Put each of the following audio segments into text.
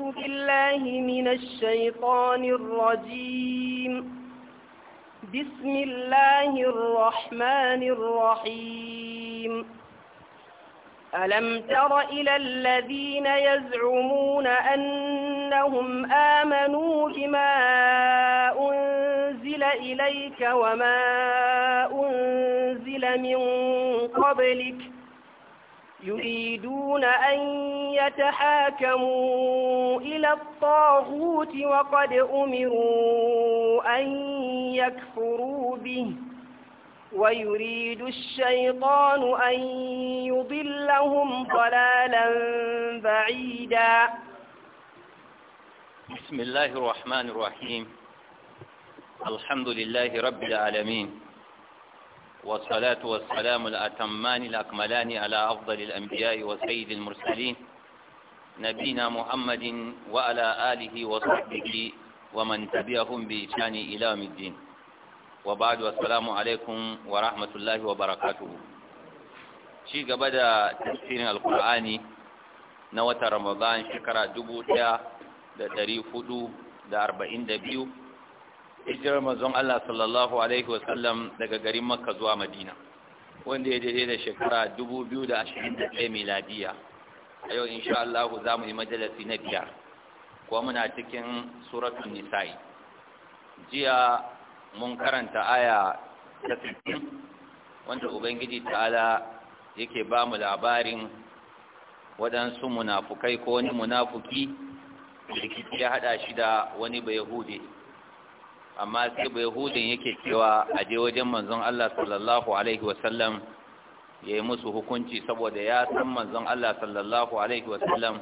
أعوذ بالله من الشيطان الرجيم بسم الله الرحمن الرحيم ألم تر إلى الذين يزعمون أنهم آمنوا بما أنزل إليك وما أنزل من قبلك يريدون أن يتحاكموا إلى الطاغوت وقد أمروا أن يكفروا به ويريد الشيطان أن يضلهم ضلالا بعيدا بسم الله الرحمن الرحيم الحمد لله رب العالمين والصلاة والسلام الأتمان الأكملان على أفضل الأنبياء وسيد المرسلين نبينا محمد وعلى آله وصحبه ومن تبعهم بإحسان إلى يوم الدين وبعد والسلام عليكم ورحمة الله وبركاته شيء قبل تفسير القرآن نوة رمضان شكرا دبوتا da ɗari hudu da arba'in da biyu hijirar mazon Allah sallallahu Alaihi wasallam daga garin Makka zuwa Madina wanda ya daidai da shekara 2021 miladiya a yau insha Allah za mu yi majalasi na biyar kuwa muna cikin suratun nisa'i jiya mun karanta aya ta 60 wanda Ubangiji ta'ala yake ba mu labarin waɗansu munafukai ko wani munafuki da ya haɗa shi da wani bai hude amma sai bai hudun yake cewa a je wajen manzon Allah sallallahu alaihi wasallam ya yi musu hukunci saboda ya san manzon Allah sallallahu alaihi wasallam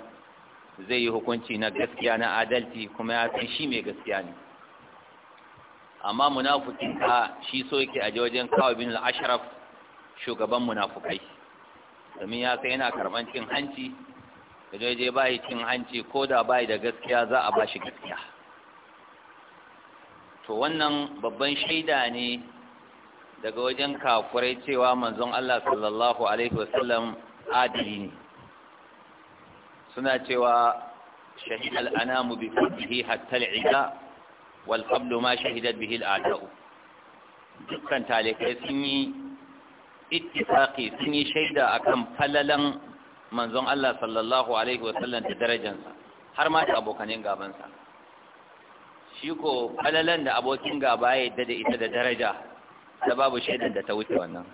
zai yi hukunci na gaskiya na adalci kuma ya san shi mai gaskiya ne amma munafukin ka shi so yake a je wajen kawo bin al-ashraf shugaban munafukai domin ya sai yana karban cin hanci da je bai cin hanci ko da bai da gaskiya za a ba shi gaskiya to wannan babban shaida ne daga wajen kakurai cewa manzon Allah sallallahu alaihi wasallam adili ne suna cewa شهد الأنام بفضله حتى العداء والقبل ما bihi به الأعداء dukkan talikai sun yi ittifaqi sun yi shaida akan falalan manzon Allah sallallahu alaihi wasallam da darajarsa har ma ta abokanin gabansa shi ko falalan da abokin gaba ya yadda da ita da daraja da babu shaidan da ta wuce wannan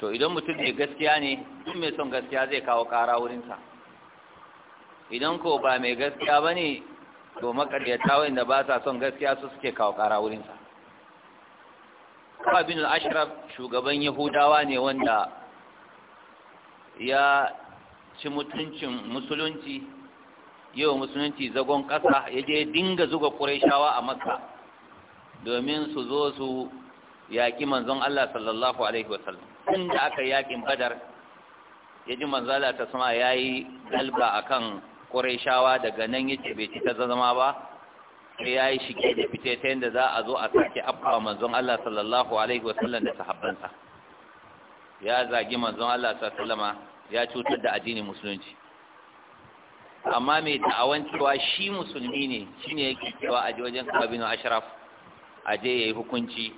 to idan mutum ne gaskiya ne duk mai son gaskiya zai kawo ƙara wurinsa idan ko ba mai gaskiya ba ne to makaryata wanda ba sa son gaskiya su suke kawo ƙara wurinsa Kawa bin al-Ashraf shugaban Yahudawa ne wanda ya ci mutuncin musulunci yau musulunci zagon ƙasa ya je dinga zuga ƙuraishawa a makka domin su zo su yaƙi manzon Allah sallallahu alaihi wasallam tun da aka yaƙin badar ya ji manzala ta sama ya yi galba a kan ƙuraishawa daga nan ya ce bai ta zama ba sai ya yi shige da fice ta yadda za a zo a sake abuwa manzon Allah sallallahu alaihi wasallam da sahabbansa ya zagi manzon Allah sallallahu alaihi wasallama ya cutar da addinin musulunci amma mai ta'awan cewa shi musulmi ne shi ne yake cewa a wajen kabinu ashraf a je ya yi hukunci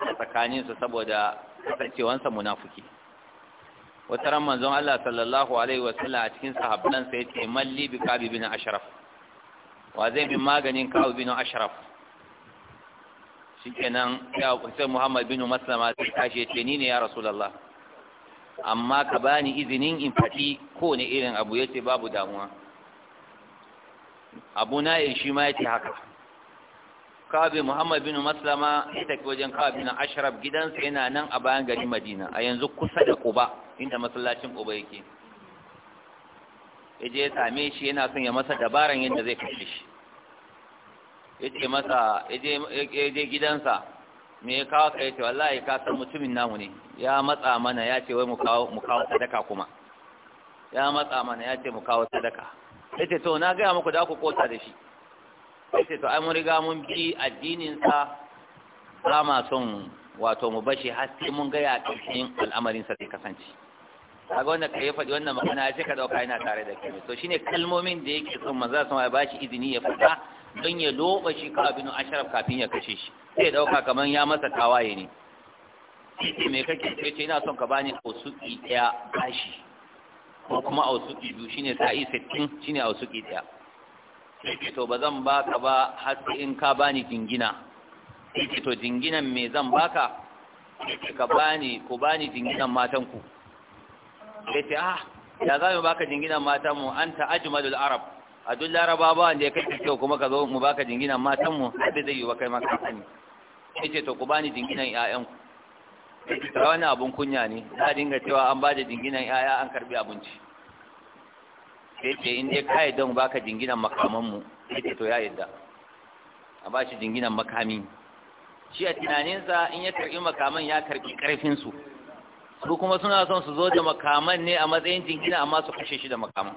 a tsakaninsu saboda kasancewansa munafuki. wata ran manzon Allah sallallahu alaihi wasallam a cikin sahabban sai ce malli bi kabinu ashraf wa zai bi maganin kabinu ashraf shikenan ya kusa Muhammad bin Maslama sai kashe ce ni ne ya rasulullah amma ka bani izinin in faɗi kowane irin abu yace babu damuwa abu na'in shi ma yake haka kabe muhammad bin maslama ya tafi wajen kabe na ashraf gidansa yana nan a bayan gari madina a yanzu kusa da ƙuba, inda masallacin ƙuba yake yaje ya same shi yana son ya masa dabaran yadda zai kashe shi ce masa je gidansa me ya kawo ka ce wallahi ka san mutumin namu ne ya matsa mana ya ce wai mu kawo sadaka kuma ya matsa mana ya ce mu kawo sadaka yace to na gaya muku da ku kota da shi yace to ai mun riga mun bi addinin sa ba wato mu bashi har sai mun ga ya cikin al'amarin sa sai kasance kaga wanda kai faɗi wannan magana ya ce ka dauka yana tare da kai to shine kalmomin da yake son manzo sama ya bashi izini ya fada don ya loba shi ka binu asharaf kafin ya kashe shi sai dauka kamar ya masa kawaye ne sai me kake ce ina son ka bani ko suki daya bashi ko kuma a ausuki shi shine sa'i 60 shine ausuki daya sai to ba zan baka ba haske in ka bani jingina sai to jinginan me zan baka ka bani ku bani jinginan matan ku sai ce ah ya za mu baka jinginan matan mu anta ajmalul arab a duk laraba ba wanda ya kai kyau kuma ka zo mu baka jinginan matan mu sai zai yi wa kai maka sani sai ce to ku bani jinginan 'ya'yanku. ku wani abun kunya ne za a dinga cewa an ba da jinginan yaya an karbi abinci sai ce in dai ka don ba ka jinginan makamanmu sai ce to ya yadda a ba shi jinginan makami shi a tunaninsa in ya karbi makaman ya karbi karfinsu su kuma suna son su zo da makaman ne a matsayin jingina amma su kashe shi da makaman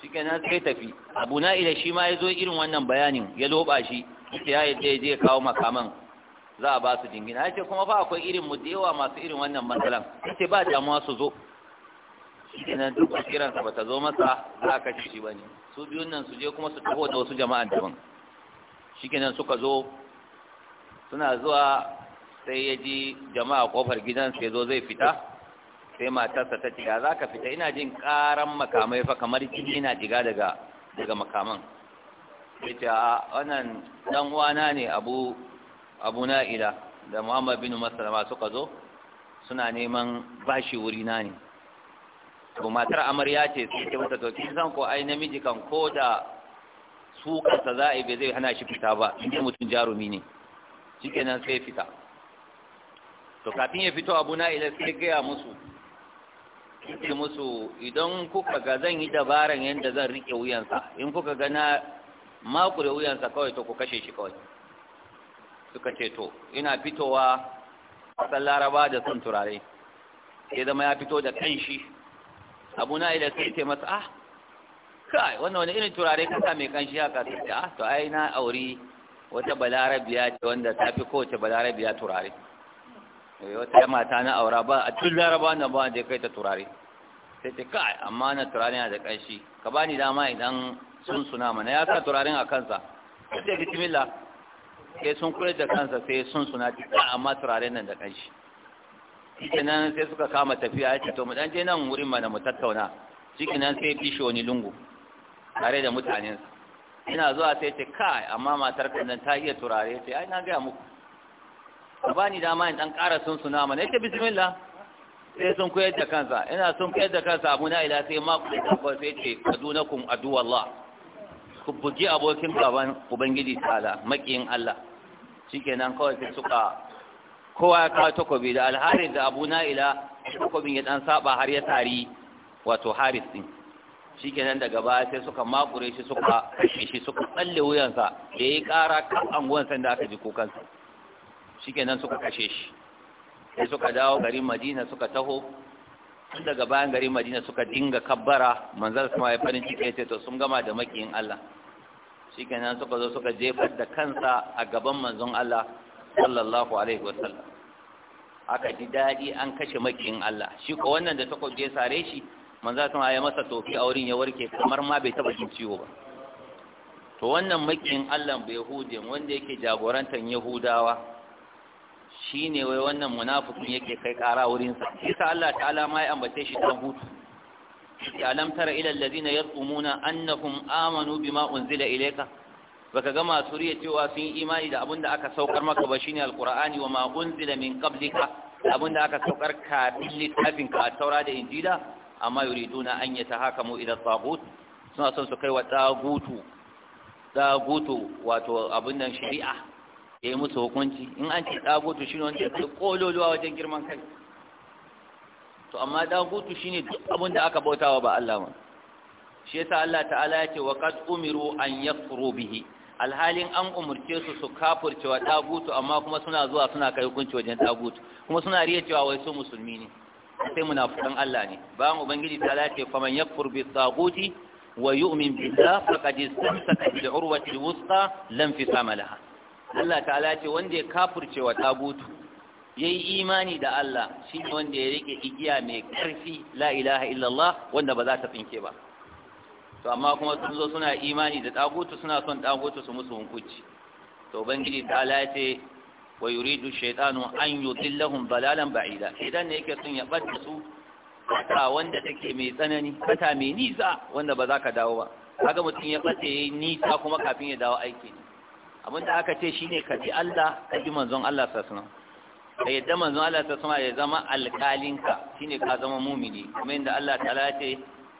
shi kenan sai tafi abu na ila shi ma ya zo irin wannan bayanin ya loba shi ya yadda ya je kawo makaman za a ba su jingina ce kuma fa akwai irin mu da yawa masu irin wannan matsalan Ya ce ba damuwa su zo kenan duk kiransa ba ta zo masa za ka ci shi ne. su biyun nan su je kuma su taho da wasu jama'a daban shikenan suka zo suna zuwa sai ya ji jama'a kofar gidan sai zo zai fita sai matarsa ta ce ya za ka fita ina jin karan makamai fa kamar jini na jiga daga daga makaman ya ce a wannan dan uwana ne abu abu na'ila da muhammad bin masalama suka zo suna neman bashi wuri na ne to matar amarya ce sai ke mata to san ko ai namiji kan ko da su kansa za a bai zai hana shi fita ba inda mutum jarumi ne nan sai fita to kafin ya fito abu na'ila sai gaya musu ce musu idan kuka ga zan yi dabaran yadda zan riƙe wuyansa in kuka ga na makure wuyansa kawai to ku kashe shi kawai suka ce to ina fitowa san laraba da sun turare sai zama ya fito da kanshi abu na ila sai ce masa ah kai wannan wani irin turare kasa mai kanshi haka sai ce ah to ai na auri wata balarabiya ce wanda ta fi kowace balarabiya turare eh, wata mata na aura ba a tun laraba na ba da kai ta turare sai ce kai amma na turare na da kanshi ka bani dama idan sun suna mana ya sa turaren a kansa sai ce bismillah sai sun kula da kansa sai sun suna cikin amma turaren nan da kanshi nan sai suka kama tafiya ya ce to mu je nan wurin mana mu tattauna nan sai bishi wani lungu tare da mutanensa ina zuwa sai ce kai amma matar kan nan ta iya turare sai ai na gaya muku ku ba ni dama in dan ƙara sun suna mana ita bismillah sai sun koyar da kansa ina sun koyar da kansa abu na ila sai ma ku da sai ce kadunakum aduwallah ku bugi abokin gaban ubangiji ta'ala makiyin Allah shikenan kawai sai suka kowa ya kawo takobi da alharis da abu na'ila takobin ya dan saba har ya tari wato haris din shikenan daga baya sai suka makure shi suka kashe shi suka tsalle wuyansa da yayi kara kan anguwan da aka ji kukansa shikenan suka kashe shi sai suka dawo garin Madina suka taho tun daga bayan garin madina suka dinga kabbara manzal kuma ya farin ciki ya ce to sun gama da makiyin Allah na suka zo suka jefar da kansa a gaban manzon Allah sallallahu alaihi wasallam aka ji daɗi an kashe makin Allah shi ko wannan da suka ya sare shi manzo sun ya masa tofi a wurin ya warke kamar ma bai taba jin ciwo ba to wannan makin Allah bai yahudin wanda yake jagorantar yahudawa shine wai wannan munafikin yake kai kara wurin sa sa Allah ta'ala ma ya ambace shi dan hutu alam tara ila allazina yaqumuna annahum amanu bima unzila ilayka baka ga masu riya cewa sun yi imani da abinda aka saukar maka ba shine alqur'ani wa ma unzila min qablika abinda aka saukar ka kafin littafin ka taura da injila amma yuriduna an yatahakamu ila tagut suna son su kai wa tagutu tagutu wato abin nan shari'a ya yi musu hukunci in an ce tagutu shine wanda ya kololuwa wajen girman kai to amma hutu shine duk abin da aka bautawa ba Allah ba shi yasa Allah ta'ala ya ce wa qad umiru an yakfuru bihi alhalin an umurce su su kafurce wa amma kuma suna zuwa suna kai hukunci wajen dagutu kuma suna riya cewa wai su musulmi ne sai munafukan Allah ne bayan ubangiji ta lace faman yakfur bi tsaguti wa yu'min billah faqad istamsaka bi urwati alwusta lam fi samalaha. Allah ta'ala lace wanda ya kafurce wa tagutu yayi imani da Allah shi ne wanda ya rike igiya mai karfi la ilaha illallah wanda ba za ta tsinke ba to amma kuma sun zo suna imani da tagutu suna son tagutu su musu hunkuci to ubangiji ta ce wa yuridu shaytanu an yudillahum balalan ba'ida idan ne yake son ya bada su ta wanda take mai tsanani kata mai nisa wanda ba za ka dawo ba kaga mutum ya bace yayi nisa kuma kafin ya dawo aiki ne da aka ce shine ka ji Allah ka ji manzon Allah sallallahu ka yadda manzon Allah ta sama ya zama alƙalinka shine ka zama mumini kuma inda Allah ta ce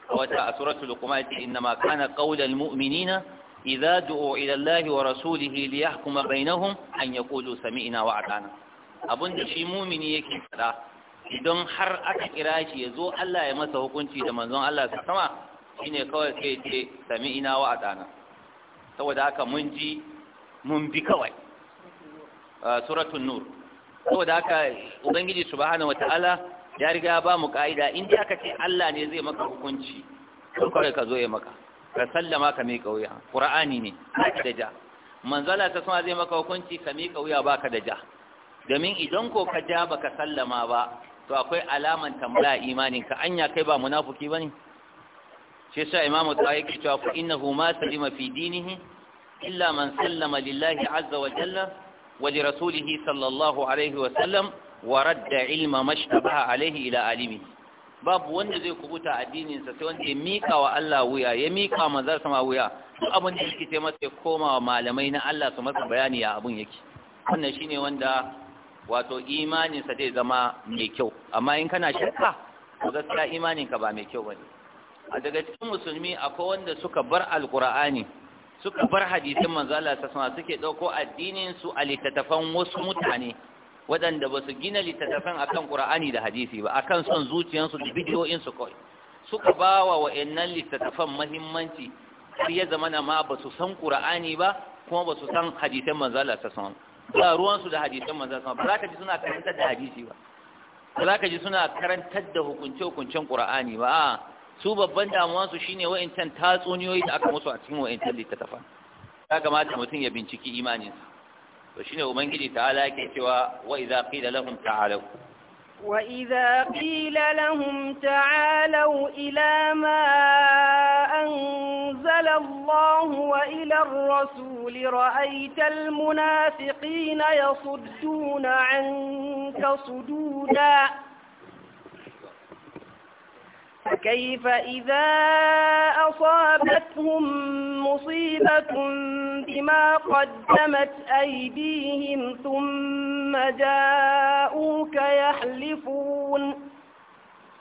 a wata a suratul luqman ce inna ma kana qaulal mu'minina idza du'u ila Allah wa rasulihi li yahkuma bainahum an yaqulu sami'na wa ata'na abunda shi mumini yake fada idan har aka kira shi ya zo Allah ya masa hukunci da manzon Allah ta sama shine kawai sai ce sami'na wa ata'na saboda haka mun ji mun bi kawai suratul nur saboda haka ubangiji subhanahu wataala ya riga ba mu ka'ida in dai aka ce Allah ne zai maka hukunci kawai ka zo ya maka ka sallama ka miƙa wuya qur'ani ne ka da ja manzala ta kuma zai maka hukunci ka miƙa wuya baka da ja domin idan ko ka ja baka sallama ba to akwai alaman tambaya imanin ka anya kai ba munafiki bane shi yasa imamu tawaye ke cewa innahu ma salima fi dinihi illa man sallama lillahi azza wa jalla ولرسوله صلى الله عليه وسلم ورد علم ما اشتبه عليه إلى عالمه babu wanda zai kubuta addininsa sai wanda ya mika wa Allah wuya ya mika manzar sama wuya duk abin da yake sai masa koma wa malamai na Allah su masa bayani ya abin yake wannan shine wanda wato imanin sa zai zama mai kyau amma in kana shakka to gaskiya imanin ka ba mai kyau bane a daga cikin musulmi akwai wanda suka bar alqur'ani suka bar hadisin manzo Allah ta sama suke dauko addinin su a littattafan wasu mutane waɗanda ba su gina littattafan akan Qur'ani da hadisi ba akan son zuciyansu da bidiyoyin su kai, suka bawa wa'annan littattafan muhimmanci har ya zamana ma ba su san Qur'ani ba kuma ba su san hadisan manzo Allah ta sama ba ruwan su da hadisan manzo Allah ba za ka ji suna karantar da hadisi ba ba za ka ji suna karantar da hukunce-hukuncen Qur'ani ba su babban damuwansu shine wa'intan tatsuniyoyi da aka musu a cikin wa'intan littattafan ya kamata mutum ya binciki imaninsa to shine ubangiji ta'ala yake cewa wa idza qila lahum ta'alu wa idza qila lahum ta'alu ila ma anzala Allah wa ila ar-rasul ra'aita al-munafiqina yasudduna 'anka sududa فكيف إذا أصابتهم مصيبة بما قدمت أيديهم ثم جاءوك يحلفون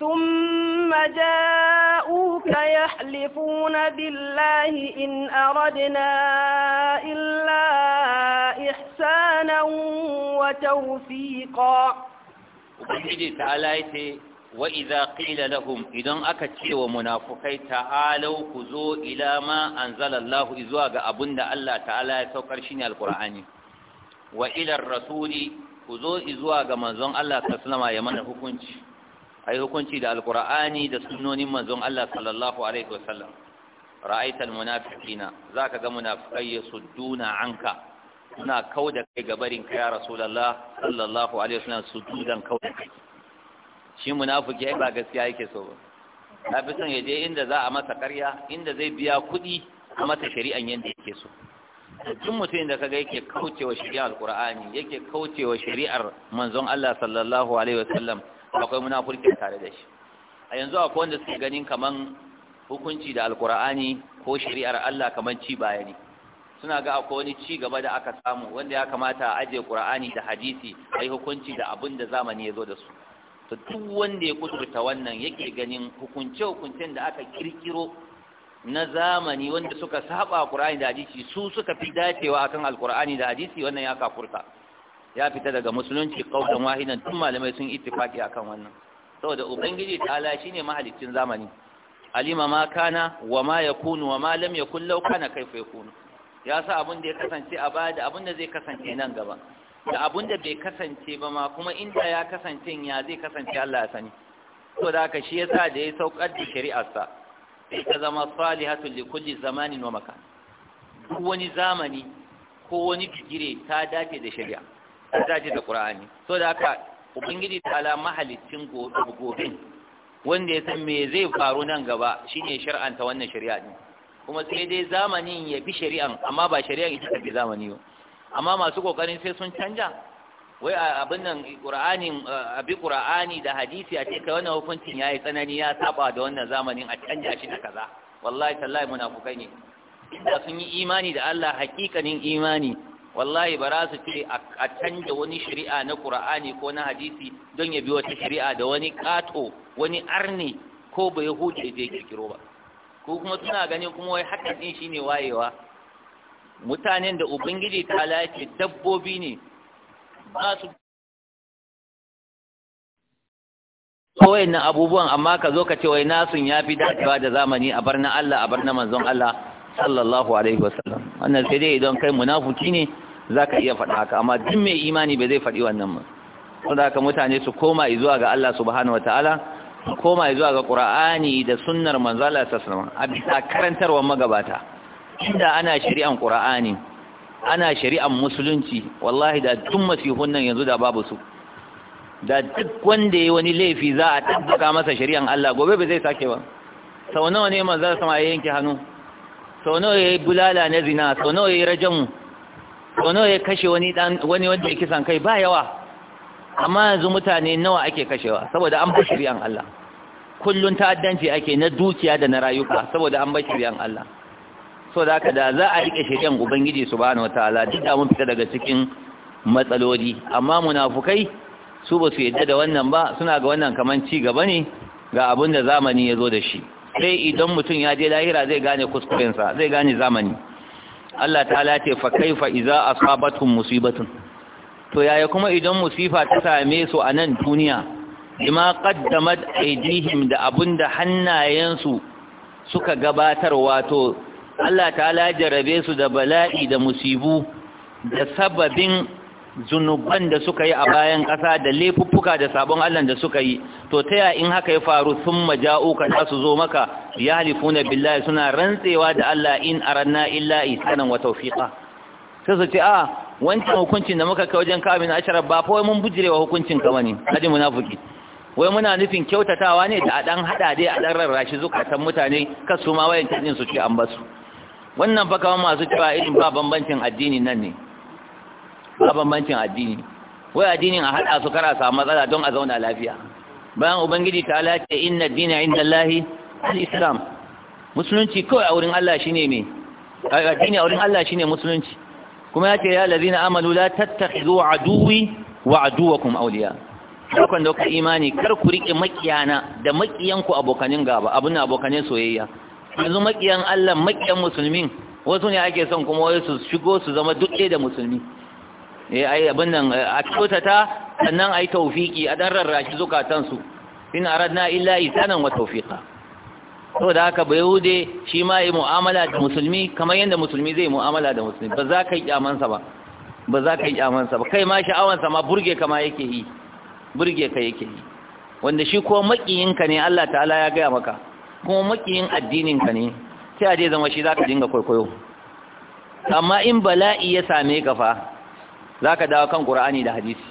ثم جاءوك يحلفون بالله إن أردنا إلا إحسانا وتوفيقا. wa idza qila lahum idan aka ce wa munafukai ta'alau ku zo ila ma anzalallahu zuwa ga abunda Allah ta'ala ya saukar shine alqur'ani wa ila rasuli ku zo izuwa ga manzon Allah sallama ya mana hukunci ai hukunci da alqur'ani da sunnonin manzon Allah sallallahu alaihi wasallam ra'aita almunafiqina zaka ga munafiqai yasudduna anka suna kauda kai gabarin kai ya rasulullah sallallahu alaihi wasallam sududan kauda kai shi munafiki ai ba gaskiya yake so ba na fi son ya je inda za a masa karya inda zai biya kuɗi a masa shari'an yadda yake so duk mutum da kaga yake kaucewa shari'ar Alƙur'ani, yake kaucewa shari'ar manzon Allah sallallahu alaihi wasallam akwai munafurci tare da shi a yanzu akwai wanda suke ganin kaman hukunci da Alƙur'ani ko shari'ar Allah kaman ci baya ne suna ga akwai wani ci gaba da aka samu wanda ya kamata a ajiye qur'ani da hadisi ai hukunci da abinda zamani ya zo da su to duk wanda ya kudurta wannan yake ganin hukunce hukuncen da aka kirkiro na zamani wanda suka saba Qur'ani da hadisi su suka fi dacewa akan al da hadisi wannan ya kafurta ya fita daga musulunci kaudan wahidan tun malamai sun ittifaki akan wannan saboda ubangiji ta ala shine mahalicin zamani alima ma kana wa ma yakunu wa ma lam yakun law kana kaifa yakunu ya sa abin da ya kasance a baya da abin da zai kasance nan gaba da abun da bai kasance ba ma kuma inda ya kasance ya zai kasance Allah ya sani to da shi yasa da ya saukar da shari'arsa sai ta zama salihatul li kulli zamanin wa makan duk wani zamani ko wani bigire ta dace da shari'a ta dace da Qur'ani to da ubangiji ta ala mahalicin gobe, wanda ya san me zai faru nan gaba shine shar'anta wannan shari'a din kuma sai dai zamanin ya bi shari'an amma ba shari'an ita ta bi zamani ba amma masu kokarin sai sun canja wai abin nan qur'anin abi qur'ani da hadisi a ce kai wannan hukuncin yayi tsanani ya saba da wannan zamanin a canja shi da kaza wallahi tallahi munafukai ne da sun yi imani da Allah hakikanin imani wallahi ba za su ce a canja wani shari'a na Qur'ani ko na hadisi don ya bi wata shari'a da wani kato wani arni ko ba ya huce da ya kirkiro ba ko kuma suna ganin kuma wai hakan din shine wayewa mutanen da ubangiji ta lace dabbobi ne ba su kawai na abubuwan amma ka zo ka ce wai nasun ya fi dacewa da zamani a bar na Allah a bar na manzon Allah sallallahu alaihi wasallam wannan sai dai idan kai munafuki ne za ka iya faɗa haka amma duk mai imani ba zai faɗi wannan ba saboda haka mutane su koma zuwa ga Allah subhanahu wataala su koma zuwa ga Qur'ani da sunnar manzon Allah sallallahu alaihi wasallam a bisa karantarwar magabata inda ana shari'an ƙura'ani, ana shari'an musulunci wallahi da tun masihun nan yanzu da babu su da duk wanda ya wani laifi za a tabbaka masa shari'an Allah gobe ba zai sake ba sau nawa ne manzara sama ya yanke hannu sau nawa ya yi bulala na zina sau nawa ya yi rajamu sau nawa ya kashe wani wanda ya kisan kai ba yawa amma yanzu mutane nawa ake kashewa saboda an ba shari'an Allah kullun ta'addanci ake na dukiya da na rayuka saboda an ba shari'an Allah so da haka da za a rike shirin ubangiji subhanahu wataala duk da mun fita daga cikin matsaloli amma munafukai su ba su yadda da wannan ba suna ga wannan kaman ci gaba ne ga abin da zamani ya zo da shi sai idan mutum ya je lahira zai gane kuskurensa zai gane zamani Allah ta'ala ce fa kaifa idza asabatkum musibatun to yaya kuma idan musifa ta same su a nan duniya bima qaddamat aydihim da abunda hannayensu suka gabatar wato Allah ta'ala jarabe su da bala'i da musibu da sababin zunuban da suka yi a bayan ƙasa da laifuffuka da sabon Allah da suka yi to taya in haka ya faru sun ka za su zo maka ya halifuna billahi suna rantsewa da Allah in aranna illa isanan wa tawfiqa sai su ce a wancan hukuncin da muka kai wajen na ashirar ba fa wai mun bujirewa hukuncin ka bane kaji munafiki wai muna nufin kyautatawa ne da a ɗan hada dai a ɗan rarrashi zukatan mutane kasu ma wayan tajin su ce an basu wannan fa kawai masu cewa irin ba bambancin addini nan ne ba bambancin addini wai addinin a haɗa su kara samu matsala don a zauna lafiya bayan ubangiji ta lace inna dina inda lahi al-islam musulunci kawai a wurin Allah shine me addini a wurin Allah shine musulunci kuma ya ce ya lazina amalu la tattakhidhu aduwi wa aduwakum awliya dokon da ku imani kar ku rike makiyana da makiyanku abokanin gaba abun abokanin soyayya yanzu maƙiyan Allah maƙiyan musulmin wasu ne ake son kuma wasu su shigo su zama duk da musulmi eh ai abin nan eh, a kyautata sannan ai tawfiki a dan rarraki zukatan su in aradna illa isanan wa tawfiqa da haka bai yahude shi ma yi mu'amala da musulmi kamar yadda musulmi zai mu'amala da musulmi ba za ka yi kyamansa ba ba za ka yi kyamansa ba kai ma sha'awansa ma burge ka ma yake yi burge ka yake yi wanda shi ko maƙiyinka ne Allah ta'ala ya gaya maka kuma makiyin addinin ka ne sai a je zama shi za ka dinga kwaikwayo amma in bala'i ya same ka fa Za ka dawo kan ƙura'ani da hadisi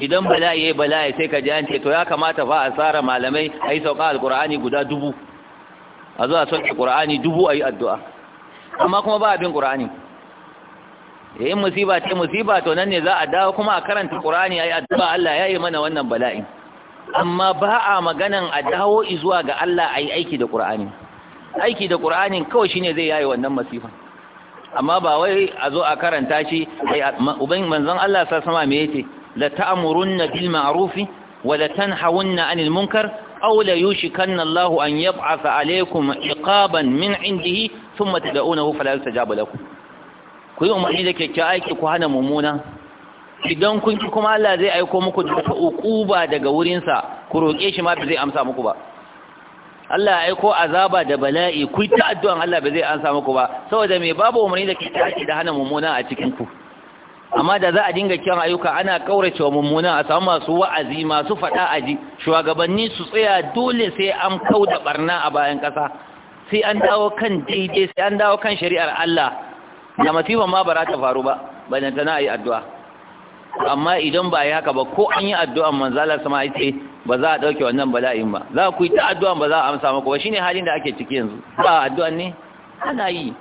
idan bala'i ya yi bala'i sai ka ji an ce to ya kamata fa a tsara malamai a yi sauka alqur'ani guda dubu a zuwa sauƙi ƙura'ani dubu a yi addu'a amma kuma ba abin Ya yi eh, musiba ce musiba to nan ne za a dawo kuma a karanta a yi addu'a Allah ya yi mana wannan bala'in amma ba a maganan a dawo zuwa ga Allah a yi aiki da ƙur'ani aiki da Ƙur'ani kawai shine zai yaye wannan masifa amma ba wai a zo a karanta shi uban manzon Allah sa sama me yace la ta'murunna bil ma'rufi wa la tanhawunna 'anil munkar aw la yushikanna Allah an yab'atha 'alaykum iqaban min 'indihi thumma tad'unahu fala yustajaba lakum ku yi umarni da kyakkyawa aiki ku hana mummuna idan kun ki kuma Allah zai aiko muku da uquba daga wurinsa ku roƙe shi ma ba zai amsa muku ba Allah ya aiko azaba da bala'i ku ta addu'an Allah ba zai amsa muku ba saboda me babu umarni da ke tashi da hana mummuna a cikin ku amma da za a dinga kiyan ayyuka ana kaurace wa mummuna a samu masu wa'azi masu faɗa a ji, shugabanni su tsaya dole sai an kau da barna a bayan ƙasa sai an dawo kan daidai sai an dawo kan shari'ar Allah da masifan ma ba za ta faru ba balantana a yi addu'a amma idan ba haka ba ko an yi addu'an manzo Allah sama yace ba za a dauke wannan bala'in ba za ku yi ta addu'an ba za a amsa maka ba shine halin da ake ciki yanzu ba addu'an ne ana yi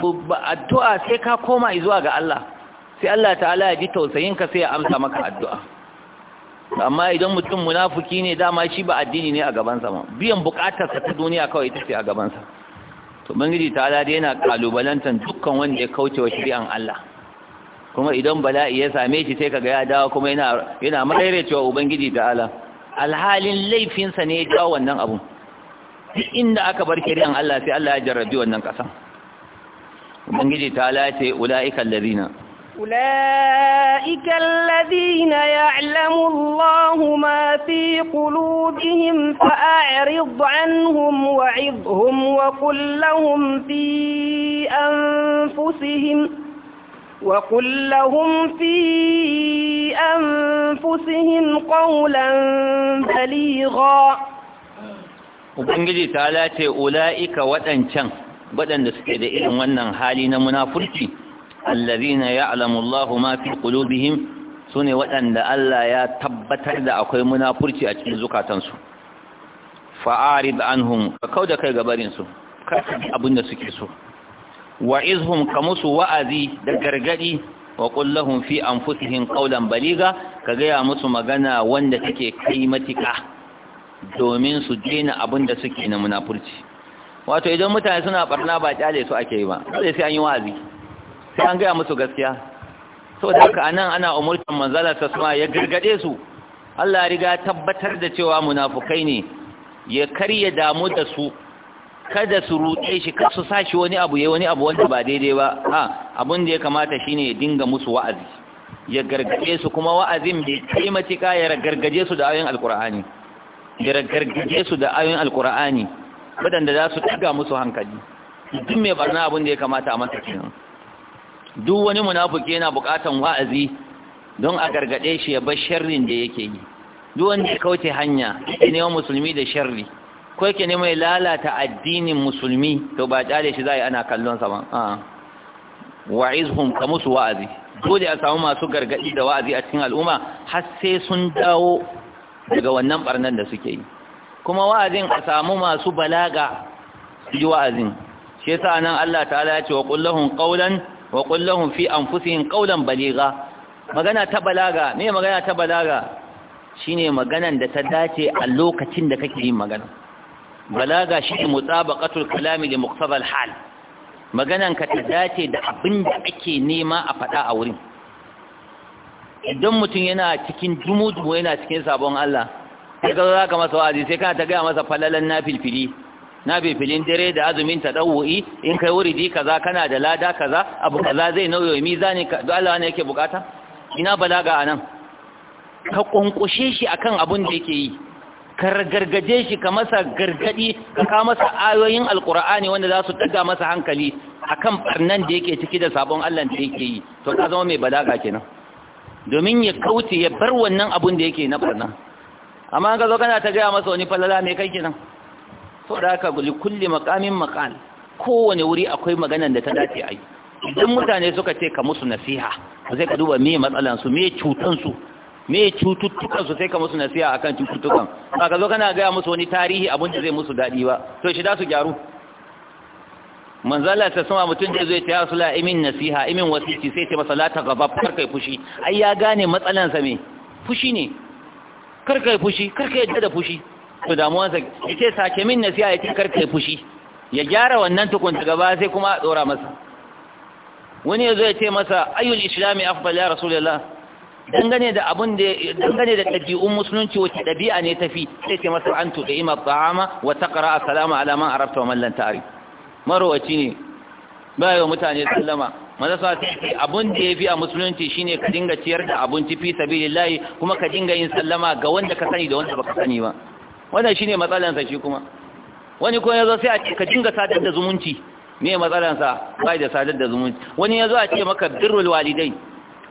ko ba addu'a sai ka koma zuwa ga Allah sai Allah ta'ala ya ji tausayin ka sai ya amsa maka addu'a amma idan mutum munafiki ne dama shi ba addini ne a sa ma biyan sa ta duniya kawai ita ce a gabansa to bangiji ta'ala dai yana kalubalantar dukkan wanda ya kauce wa shari'an Allah kuma idan bala'i ya same shi sai kaga ya dawo kuma yana yana maraicewa ubangiji ta'ala alhalin laifinsa ne ya jawo wannan abun duk inda aka bar kiran Allah sai Allah ya jarrabi wannan kasan ubangiji ta'ala ya ce ulaiikal ladina أولئك الذين يعلم الله ما في قلوبهم فأعرض عنهم وعظهم وقل لهم في أنفسهم وقل لهم في أنفسهم قولا بليغا Ubangiji ta lace ula'ika waɗancan waɗanda suke da irin wannan hali na munafurci, allazina ya'lamu Allahu ma fi su sune waɗanda Allah ya tabbatar da akwai munafurci a cikin zukatansu. an anhum, ka kauda kai gabarin ka abin da suke so. wa izhum ka musu wa'azi da gargadi wa kullahum fi anfusihim qawlan baliga ka gaya musu magana wanda take kai matika domin su daina abin da suke na munafurci wato idan mutane suna barna ba kyale su ake yi ba dole sai an yi wa'azi sai an gaya musu gaskiya saboda haka anan ana umurtan manzala ta sama ya gargade su Allah riga tabbatar da cewa munafukai ne ya karya damu da su kada su rute shi kada su sashi wani abu yayi wani abu wanda ba daidai ba ha abun da ya kamata shine ya dinga musu wa'azi ya gargaje su kuma wa'azin bai kai matika ya gargaje su da ayoyin alqur'ani ya gargaje su da ayoyin alqur'ani wadanda za su taga musu hankali duk mai barna abun da ya kamata a masa kenan duk wani munafiki yana bukatan wa'azi don a gargade shi ya bar sharrin da yake yi duk wanda ya kauce hanya ne musulmi da sharri ko yake ne mai lalata addinin musulmi to ba kyale shi za a yi ana kallon sa ba wa'izhum ka musu wa'azi dole a samu masu gargadi da wa'azi a cikin al'umma har sai sun dawo daga wannan barnan da suke yi kuma wa'azin a samu masu balaga su yi wa'azin shi yasa nan Allah ta'ala ya ce wa qul lahum qawlan wa qul fi anfusihim qawlan baligha magana ta balaga me magana ta balaga shine maganan da ta dace a lokacin da kake yin magana balaga shi ne mutsabaqatul kalami li muqtada hal maganan ka ta dace da abin da ake nema a fada a wurin idan mutum yana cikin dumudu yana cikin sabon Allah sai ka za ka masa wa'azi sai kana ta gaya masa falalan nafilfili. nafilfilin na dare da azumin ta ɗauwa'i in kai wuridi kaza kana da lada kaza abu kaza zai nauyo mizani ka da Allah ne yake bukata ina balaga anan ka kunkushe shi akan abin da yake yi ka gargaje shi ka masa gargadi ka ka masa ayoyin alkur'ani wanda za su daga masa hankali akan barnan da yake ciki da sabon Allah da yake yi to ka zama mai balaga kenan domin ya kauce ya bar wannan abun da yake na barna amma ka zo kana ta gaya masa wani falala mai kai kenan to da haka guli kulli maqamin maqal kowane wuri akwai maganar da ta dace a idan mutane suka ce ka musu nasiha sai ka duba me matsalansu me cutansu me cututtukan su sai ka musu nasiha akan cututtukan ba ka zo kana gaya musu wani tarihi abin da zai musu daɗi ba to shi da su gyaru manzala ta sama mutum da zai ta yasu imin nasiha imin wasiki sai ta masa lata gaba kar kai fushi ai ya gane matsalansa me fushi ne kar kai fushi kar kai yadda da fushi to damuwansa ya ce sake min nasiha ya ce kar kai fushi ya gyara wannan tukunta gaba sai kuma a tsora masa wani ya zo ya ce masa ayyul islami afdal ya rasulullah dangane da abun da dangane da ɗabi'un musulunci wace ɗabi'a ne tafi sai ce masa an tuɗe ima ta'ama wa taqra assalamu ala man arabta wa man lam ta'rif ne bayan yau mutane sallama maza sa ta ce abun da ya yafi a musulunci ne ka dinga ciyar da abinci fi sabilillahi kuma ka dinga yin sallama ga wanda ka sani da wanda baka sani ba wannan shi ne sa shi kuma wani ko zo sai a ce ka dinga sadar da zumunci me matsalan ba bai da sadar da zumunci wani ya zo a ce maka birrul walidai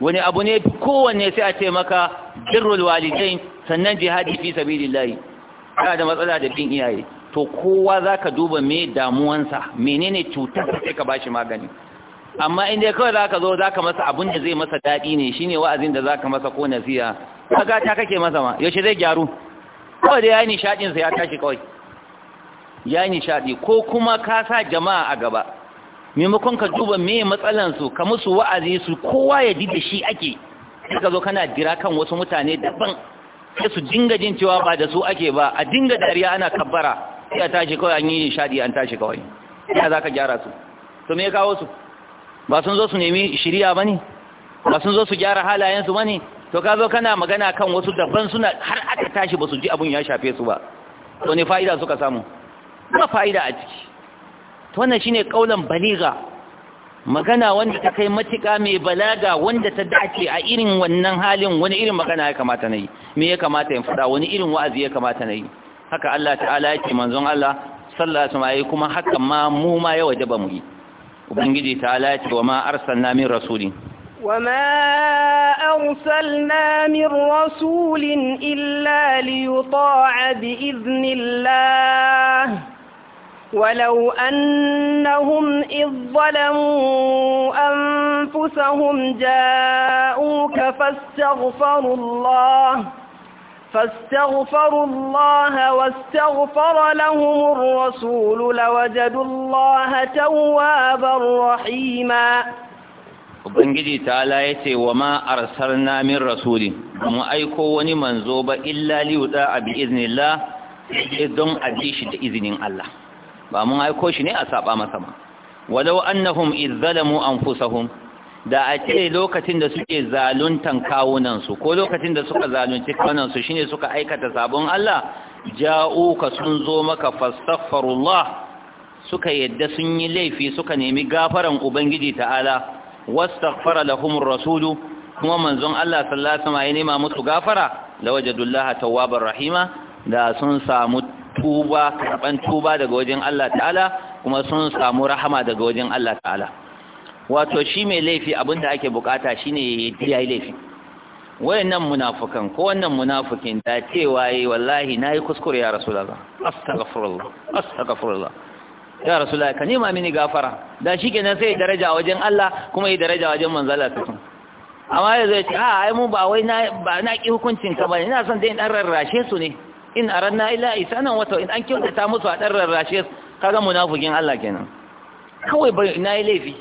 wani abu ne kowanne sai a ce maka birrul walidain sannan jihadi fi sabilillahi kada da matsala da bin iyaye to kowa zaka duba me damuwansa menene cutar da sai ka bashi magani amma inda kawai zaka zo zaka masa abun da zai masa dadi ne shine wa'azin da zaka masa ko nasiha kaga ta kake masa ma yaushe zai gyaru kawai da yayi nishadin sa ya tashi kawai yayi nishadi ko kuma ka sa jama'a a gaba maimakon ka duba me matsalansu ka musu wa'azi su kowa ya ji da shi ake sai ka zo kana jira kan wasu mutane daban sai su dinga jin cewa ba da su ake ba a dinga dariya ana kabbara sai a tashi kawai an yi nishadi an tashi kawai ya za ka gyara su to me ya kawo su ba sun zo su nemi shirya ba ne ba sun zo su gyara halayensu ba ne to ka zo kana magana kan wasu daban suna har aka tashi ba su ji abun ya shafe su ba to ne fa'ida suka samu ba fa'ida a ciki to wannan shine kaulan baliga magana wanda ta kai matuƙa mai balaga wanda ta dace a irin wannan halin wani irin magana ya kamata na yi me ya kamata in faɗa wani irin wa'azi ya kamata na yi haka Allah ta'ala yake manzon Allah sallallahu alaihi kuma haka ma mu ma ya wajaba mu yi ubangiji ta'ala yake wa ma arsalna min rasulin وما أرسلنا من رسول إلا ليطاع بإذن الله ولو أنهم إذ ظلموا أنفسهم جاءوك فاستغفروا الله فاستغفروا الله واستغفر لهم الرسول لوجدوا الله توابا رحيما Ubangiji ta'ala ya ce wa ma arsalna min rasuli mu aiko wani manzo ba illa liuda bi iznillah sai don abi shi da izinin Allah ba mun aiko shi ne a saba masa ma walau annahum izzalamu anfusahum da a ce lokacin da suke zaluntan kawunansu ko lokacin da suka zalunci su shine suka aikata sabon Allah ja'uka sun zo maka fastaghfirullah suka yadda sun yi laifi suka nemi gafaran ubangiji ta'ala wastaghfara lahumur rasulu kuma manzon Allah sallallahu alaihi wasallam ya nema musu gafara lawajadullah tawwabar rahima da sun samu tuba karban tuba daga wajen Allah ta'ala kuma sun samu rahama daga wajen Allah ta'ala wato shi mai laifi abinda ake bukata shine ya yi laifi wayannan munafukan ko wannan munafukin da cewa yi wallahi nayi kuskure ya rasulullah astaghfirullah astaghfirullah ya rasulullah ka nema mini gafara da shikenan sai daraja wajen Allah kuma yi daraja wajen manzala ta amma yanzu ya ce a ah, ai mu ba wai na ba na ki hukuncin ka ba ina son dai dan rarrashe su ne in aranna isa nan wata, in an kyautata musu a ɗan rarrashe kaga munafukin Allah kenan kawai bai na yi laifi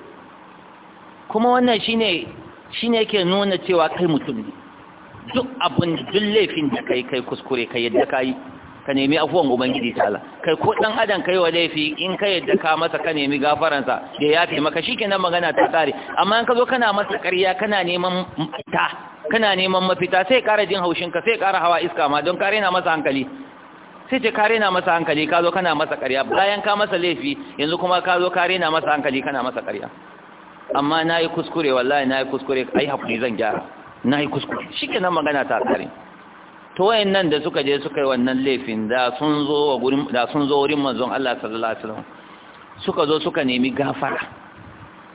kuma wannan shine shine yake nuna cewa kai mutum ne duk abun duk laifin da kai kai kuskure kai yadda kai ka nemi afuwan ubangiji ta'ala kai ko dan adam kai wa laifi in ka yadda ka masa ka nemi gafaransa da ya fi maka shikenan magana ta kare amma in ka zo kana masa ƙarya kana neman ta kana neman mafita sai ƙara jin haushin ka sai ƙara hawa iska ma don kare na masa hankali sai ce kare na masa hankali ka zo kana masa ƙarya bayan ka masa laifi yanzu kuma ka zo kare na masa hankali kana masa ƙarya amma na yi kuskure wallahi na yi kuskure ai haƙuri zan gyara na yi kuskure shikenan magana ta kare to nan da suka je suka yi wannan laifin da sun zo wurin manzon Allah sallallahu alaihi wasallam suka zo suka nemi gafara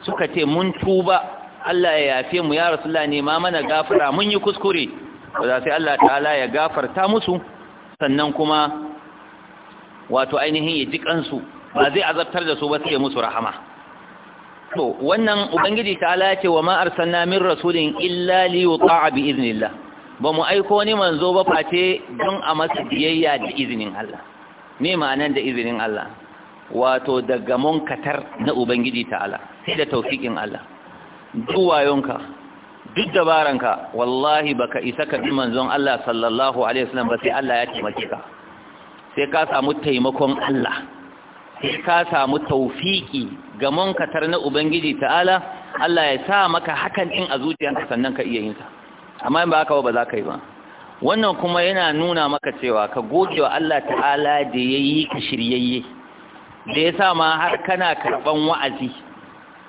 suka ce mun tuba Allah ya yafe mu ya rasulullah nema mana gafara mun yi kuskure da sai Allah ta'ala ya gafarta musu sannan kuma wato ainihin ya ji kansu ba zai azabtar da su ba suke musu rahama to wannan ubangiji ta'ala ya ce wa ma arsalna min rasulin illa liyu, yuta'a bi iznillah ba mu aiko ni manzo ba face don a masa biyayya da izinin Allah me ma'anan da izinin Allah wato daga munkatar na ubangiji ta'ala sai da taufikin Allah duwayonka duk dabaranka wallahi baka isa ka bi manzon Allah sallallahu alaihi wasallam ba sai Allah ya taimake ka sai ka samu taimakon Allah sai ka samu taufiki ga munkatar na ubangiji ta'ala Allah ya sa maka hakan din a zuciyarka sannan ka iya yin sa amma in ba haka ba za ka yi ba wannan kuma yana nuna maka cewa ka goge wa Allah ta'ala da ya yi ka shiryayye da ya sa ma har kana karɓan wa'azi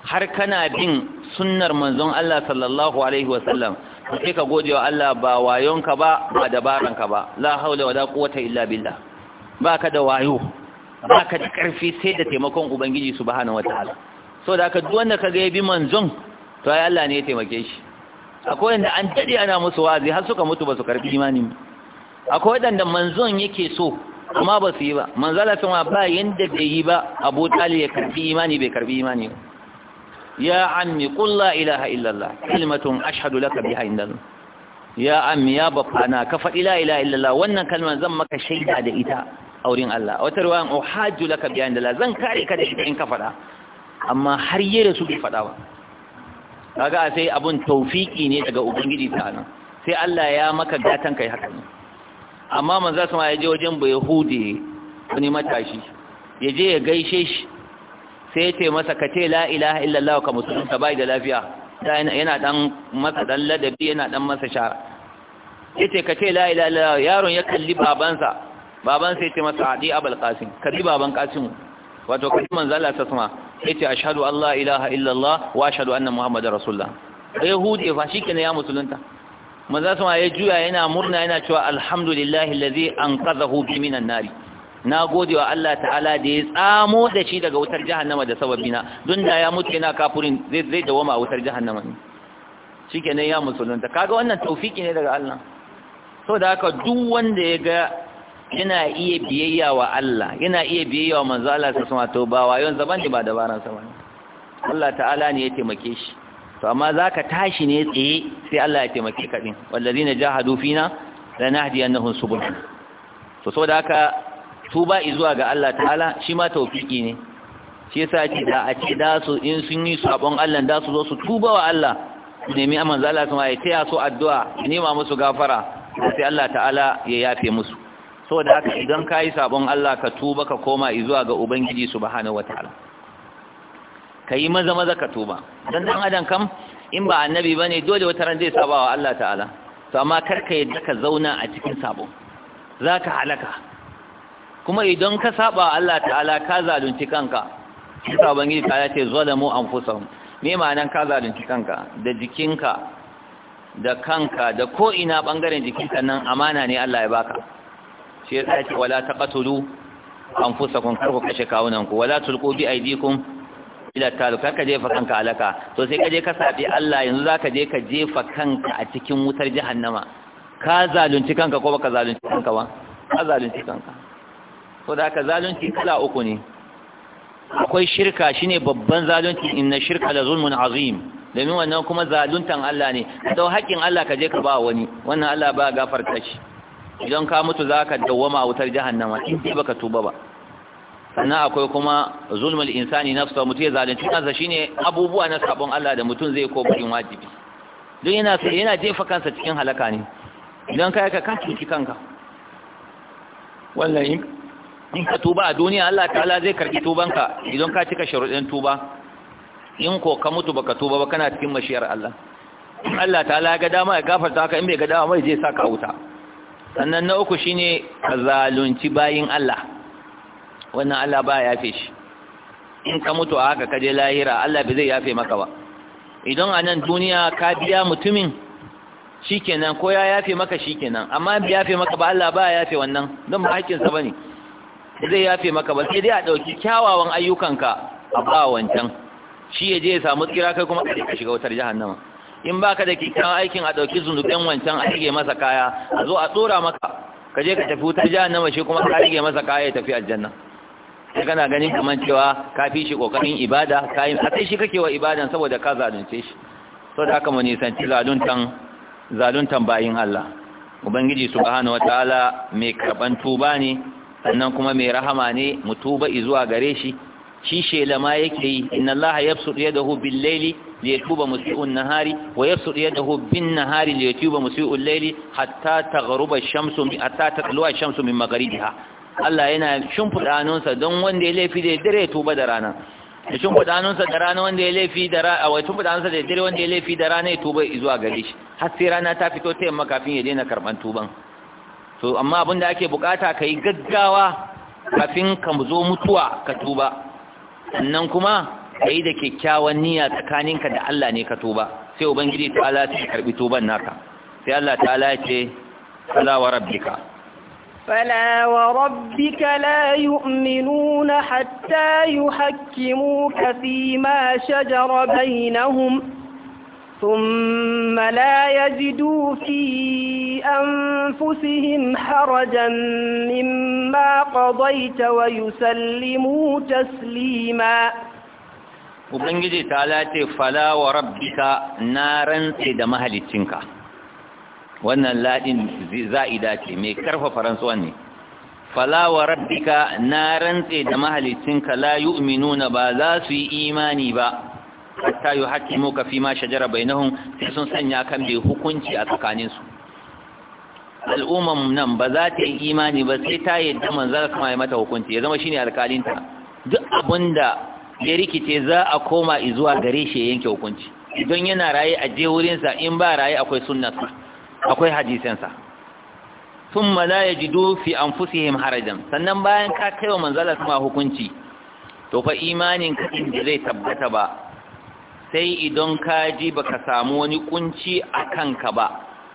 har kana bin sunnar manzon Allah sallallahu alaihi wasallam sai ka goge wa Allah ba wayonka ba ba dabaranka ba la haula wala quwwata illa billah ka da wayo ba ka da karfi sai da taimakon ubangiji subhanahu wataala so da haka duk wanda kaga ya bi manzon to ai Allah ne ya taimake shi akwai wanda an dade ana musu wazi har suka mutu ba su karbi imani. akwai wanda manzon yake so kuma ba su yi ba manzala sun ba yanda bai yi ba abu talib ya karbi imani bai karbi imani ya ammi qul la ilaha illallah kalimatun ashhadu laka biha indallah ya ammi ya babana ka faɗi la ilaha illallah wannan kalmar zan maka shaida da ita a wurin Allah wata ruwan uhajju laka biha indallah zan kare ka da ita in ka faɗa amma har yare su bai faɗa ba kaga sai abun taufiki ne daga ubangiji ta sai Allah ya maka gatan kai haka ne amma manzo sama ya je wajen bai hude wani matashi ya je ya gaishe shi sai ya ce masa ka ce la ilaha illallah ka musulunta bai da lafiya yana dan masa dan ladabi yana dan masa shara yace ka ce la ilaha illallah yaron ya kalli babansa babansa ce masa adi abul qasim ka bi baban qasim wato kaji manzo Allah sasma yace ashhadu an la ilaha illallah wa ashhadu anna muhammadar rasulullah yahudi fa shikenan ya musulunta manzo sama ya juya yana murna yana cewa alhamdulillahi allazi anqadhahu bi minan nari na gode wa Allah ta'ala da ya tsamo da shi daga wutar jahannama da sababina don da ya mutu yana kafurin zai zai dawama a wutar jahannama ne shikenan ya musulunta kaga wannan tawfiki ne daga Allah Sau da haka duk wanda ya ga yana iya biyayya wa Allah yana iya biyayya wa manzo Allah sai sama to ba wayon zaban ne ba dabaran sama Allah ta'ala ne ya taimake shi to amma zaka tashi ne tsaye sai Allah ya taimake ka din wallazina jahadu fina lanahdiyannahum subulana to saboda haka tuba zuwa ga Allah ta'ala shi ma tawfiki ne shi yasa ce da a ce da su in sun yi sabon Allah da su zo su tuba wa Allah nemi manzo Allah sama ya taya su addu'a nema musu gafara sai Allah ta'ala ya yafe musu so da haka idan ka yi sabon Allah ka tuba ka koma zuwa ga Ubangiji subhanahu ta'ala ka yi maza maza ka tuba Don dan adam kam in ba annabi ba ne, dole wata ran zai saba wa Allah ta'ala to amma kar ka yadda ka zauna a cikin sabo ka halaka kuma idan ka saba wa Allah ta'ala ka zalunci kanka sai Ubangiji ta ce zalamu anfusahum me ma'anan ka zalunci kanka da jikinka da kanka da ko ina bangaren jikinka nan amana ne Allah ya baka shi ya sake wala taqatulu anfusakum kar ku kashe kawunan ku wala tulqu bi aydikum ila taluk kar ka jefa kanka alaka to sai ka je ka sabi Allah yanzu zaka je ka jefa kanka a cikin wutar jahannama ka zalunci kanka ko baka zalunci kanka ba ka zalunci kanka ko da ka zalunci kala uku ne akwai shirka shine babban zalunci inna shirka la zulmun azim domin wannan kuma zaluntan Allah ne dau haƙin Allah ka je ka ba wani wannan Allah ba gafarta shi idan ka mutu za ka dawwama a wutar jahannama in sai baka tuba ba sannan akwai kuma zulmul insani nafsa mutu ya zalunci kansa shine abubuwa na sabon Allah da mutum zai ko bakin wajibi don yana yana jefa kansa cikin halaka ne idan ka ka cuci kanka wallahi in ka tuba a duniya Allah ta'ala zai karbi tubanka idan ka cika sharuɗin tuba in ko ka mutu baka tuba ba kana cikin mashiyar Allah Allah ta'ala ya ga dama ya gafarta haka in bai ga dama mai zai saka wuta sannan na uku shine ka zalunci bayin Allah wannan Allah ba ya yafe shi in ka mutu a haka kaje lahira Allah bai zai yafe maka ba idan a nan duniya ka biya mutumin shikenan ko ya yafe maka shikenan amma bai yafe maka ba Allah ba ya yafe wannan don ba sa bane zai yafe maka ba sai dai a dauki kyawawan ayyukanka a ba wancan shi ya je ya samu tsira kai kuma ka shiga wutar jahannama in baka da kikan aikin a ɗauki zunduken wancan a rige masa kaya a zo a tsora maka ka je ka tafi wutar jahannama shi kuma ka rige masa kaya ya tafi aljanna sai kana ganin kamar cewa ka fi shi kokarin ibada ka yi a kai shi kake wa ibadan saboda ka zalunce shi da haka mu nisanci zaluntan zaluntan bayin Allah ubangiji subhanahu wataala mai karban tuba ne sannan kuma mai rahama ne mu tuba zuwa gare shi shi shela ma yake yi inna allaha yabsutu yadahu bil layli li yatuba musii'u nahari wa yabsutu yadahu bin nahari li yatuba musii'u al-layli hatta taghruba ash-shamsu hatta tatlu'a ash-shamsu min magharibiha Allah yana shimfida hannunsa don wanda ya laifi da dare ya tuba da rana ya shimfida hannunsa da rana wanda ya laifi da rana wa shimfida hannunsa da dare wanda ya laifi da rana ya tuba zuwa gare shi har sai rana ta fito ta yamma kafin ya daina karban tuban to amma abin da ake bukata kai gaggawa kafin ka zo mutuwa ka tuba Nan kuma yi da kyakkyawan niyya tsakaninka da Allah ne ka tuba sai ubangiji ta'ala sai karbi tuban naka sai Allah ta'ala ce sala wa rabbika فلا وربك hatta يؤمنون fi يحكموك فيما شجر بينهم ثم لا يجدوا في أنفسهم حرجا مما قضيت ويسلموا تسليما Ubangiji ta lati fala wa rabbika na rantse da mahaliccinka. wannan ladin za'ida ce mai karfafa rantsuwan ne fala wa rabbika na rantse da mahaliccinka, la yu'minuna ba za su yi imani ba hatta muka fi ma shajara bainahum sai sun sanya kan bai hukunci a tsakanin su al'umman nan ba za ta yi imani ba sai ta yi yadda manzon kuma ya mata hukunci ya zama shine alkalinta duk da ya rikice za a koma zuwa gare shi ya yanke hukunci idan yana raye a je wurinsa in ba raye akwai sa akwai hadisansa ثم dufi يجدوا في أنفسهم harajan sannan bayan ka kai wa manzala kuma hukunci to fa imanin ka da zai tabbata ba sai idan ka ji baka samu wani kunci a kanka ba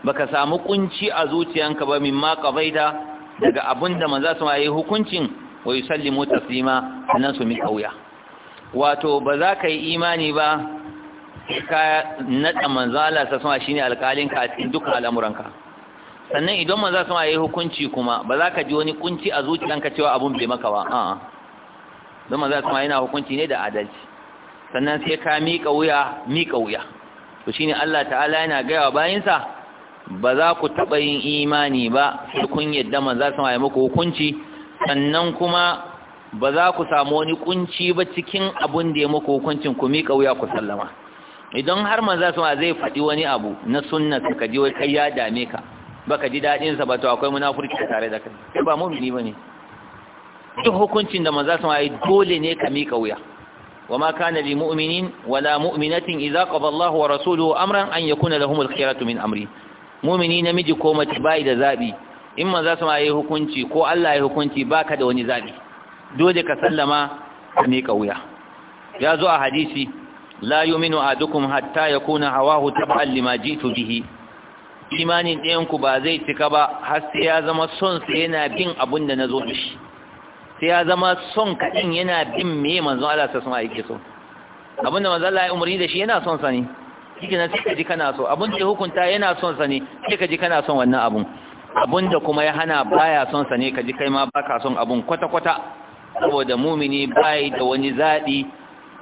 baka samu kunci a zuciyanka ba mimma qabaida daga abinda manzo su yi hukuncin wa yusallimu taslima nan su mi kauya wato ba za ka yi imani ba ka nada manzo Allah sa sama shine alƙalin ka a cikin dukkan al'amuranka sannan idan manzo su yi hukunci kuma ba za ka ji wani kunci a zuciyanka cewa abun bai maka ba a'a don manzo su yana hukunci ne da adalci sannan sai ka miƙa wuya miƙa wuya to shi ne Allah ta'ala yana gaya wa bayinsa ba za ku taɓa yin imani ba sai kun yadda za su waye muku hukunci sannan kuma ba za ku samu wani kunci ba cikin abun da ya muku hukuncin ku miƙa wuya ku sallama idan har man su waye zai faɗi wani abu na sunna ka ji wai kai ya dame ka baka ji dadin sa ba to akwai munafurci tare da kai ba mu'mini bane duk hukuncin da man za su yi dole ne ka miƙa wuya وما كان لمؤمن ولا مؤمنة إذا قضى الله ورسوله أمرا أن يكون لهم الخيرة من أمره مؤمنين مجي كومة بايد ذابي إما ذا سما يهكنتي كو الله يهكنتي باك دون ذابي دودك سلما سميك ويا يا زو حديثي لا يؤمن أحدكم حتى يكون هواه تبعا لما جئت به imanin ɗayanku ba zai cika ba har sai ya zama son sa yana bin abin da na zo da shi sai ya zama son kaɗin yana bin me manzon Allah sai sun aiki so abinda manzon Allah ya umarni da shi yana son sa ne shi na sai ka ji kana so abin da hukunta yana son sa ne sai ka ji kana son wannan abun abin da kuma ya hana baya son sa ne ka ji kai ma baka son abun kwata-kwata saboda mumini bai da wani zadi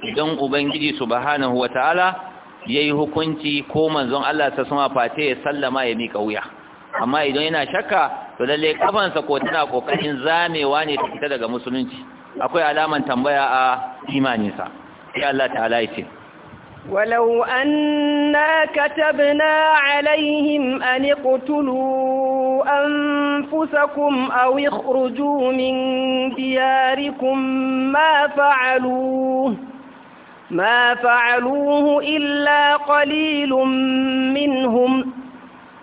idan ubangiji subhanahu wataala yayi hukunci ko manzon Allah ta suma fate ya sallama ya mika wuya amma idan yana shakka to lalle kafansa ko tana kokarin zamewa ne ta fita daga musulunci akwai alaman tambaya a imaninsa sai Allah ta'ala ya ce ولو أنا كتبنا عليهم أن اقتلوا أنفسكم أو اخرجوا من دياركم ما فعلوه ما فعلوه إلا قليل منهم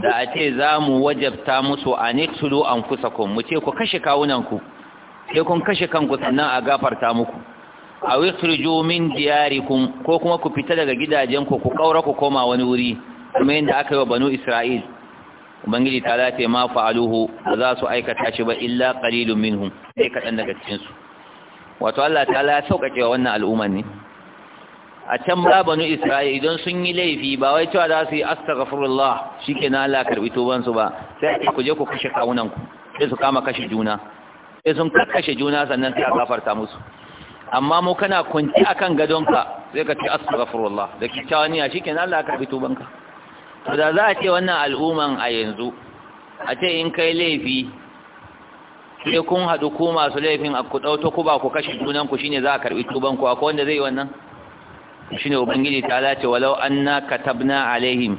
da a ce za mu wajabta musu a niksulu an kusa kun mu ce ku kashe kawunanku sai kun kashe kanku sannan a gafarta muku a wisirju min diyarikum ko kuma ku fita daga gidajenku ku kaura ku koma wani wuri kuma yadda aka yi wa banu isra'il ubangiji ta lafe ma fa'aluhu ba za su aikata shi ba illa qalilun minhum sai kaɗan daga cikinsu wato allah ta la sauƙaƙe wa wannan al'umma ne a can ba banu isra'il idan sun yi laifi ba wai cewa za su yi astaghfirullah shikenan Allah karbi toban su ba sai ake kuje ku kashe kawunan ku sai su kama kashe juna sai sun kashe juna sannan sai a gafarta musu amma mu kana kunci akan gadonka sai ka ce astaghfirullah da ta kikkiawan niyya shikenan Allah karbi toban ka to da za a ce wannan al'umman a yanzu a ce in kai laifi sai kun haɗu ku masu laifin a ku ɗauta ku ba ku kashe junanku shine za a karɓi tubanku akwai wanda zai yi wannan ne ubangiji ta lace walau anna katabna alaihim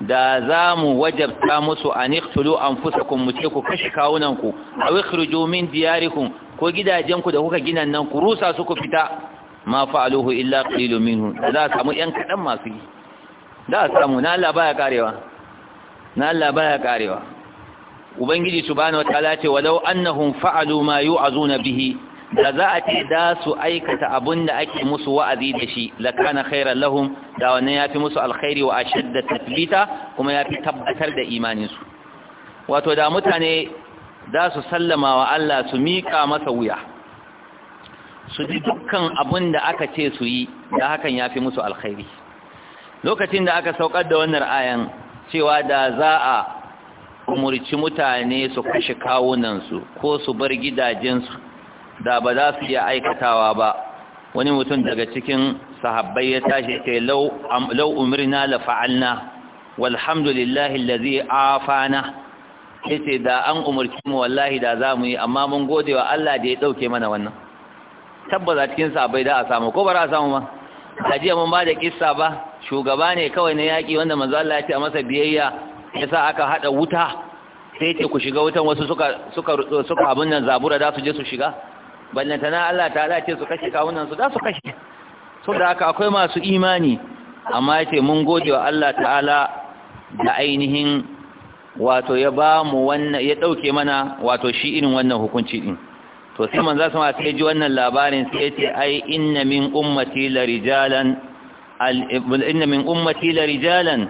da za mu wajabta musu a an iqtulu anfusakum mu ce ku kashe kawunanku a ikhruju min diyarikun, ko gidajenku da kuka gina nan ku rusa su ku fita ma fa'aluhu illa qalilu minhu za a samu yan kaɗan masu yi za samu na Allah ƙarewa. karewa na Allah baya karewa ubangiji subhanahu wataala ce walau annahum fa'alu ma yu'azuna bihi da za a ce da su aikata abun da ake musu wa'azi da shi lakana khairan lahum da wannan fi musu alkhairi wa ashadda tathbita kuma ya fi tabbatar da imaninsu, wato da mutane da su sallama wa Allah su mika masa wuya su ji dukkan abun da aka ce su yi da hakan ya fi musu alkhairi lokacin da aka saukar da wannan ayan cewa da za a umurci mutane su kashe kawunansu ko su bar gidajensu da ba za su iya aikatawa ba wani mutum daga cikin sahabbai ya tashi ce lau umirna la fa'alna walhamdulillahi allazi afana yace da an umarci mu wallahi da za mu yi amma mun gode wa Allah da ya dauke mana wannan a cikin sahabbai da a samu ko ba za a samu ba jiya mun ba da kissa ba shugaba ne kawai na yaki wanda manzo Allah ya ce a masa biyayya yasa aka hada wuta sai ce ku shiga wutan wasu suka suka suka abin nan zabura da su je su shiga na Allah ta ce su kashe kawunan su da su kashe saboda aka akwai masu imani amma ce mun gode wa Allah ta'ala da ainihin wato ya ba mu wannan ya dauke mana wato shi irin wannan hukunci din to sai manzo sama sai ji wannan labarin sai ce ai inna min ummati la rijalan al inna min ummati la rijalan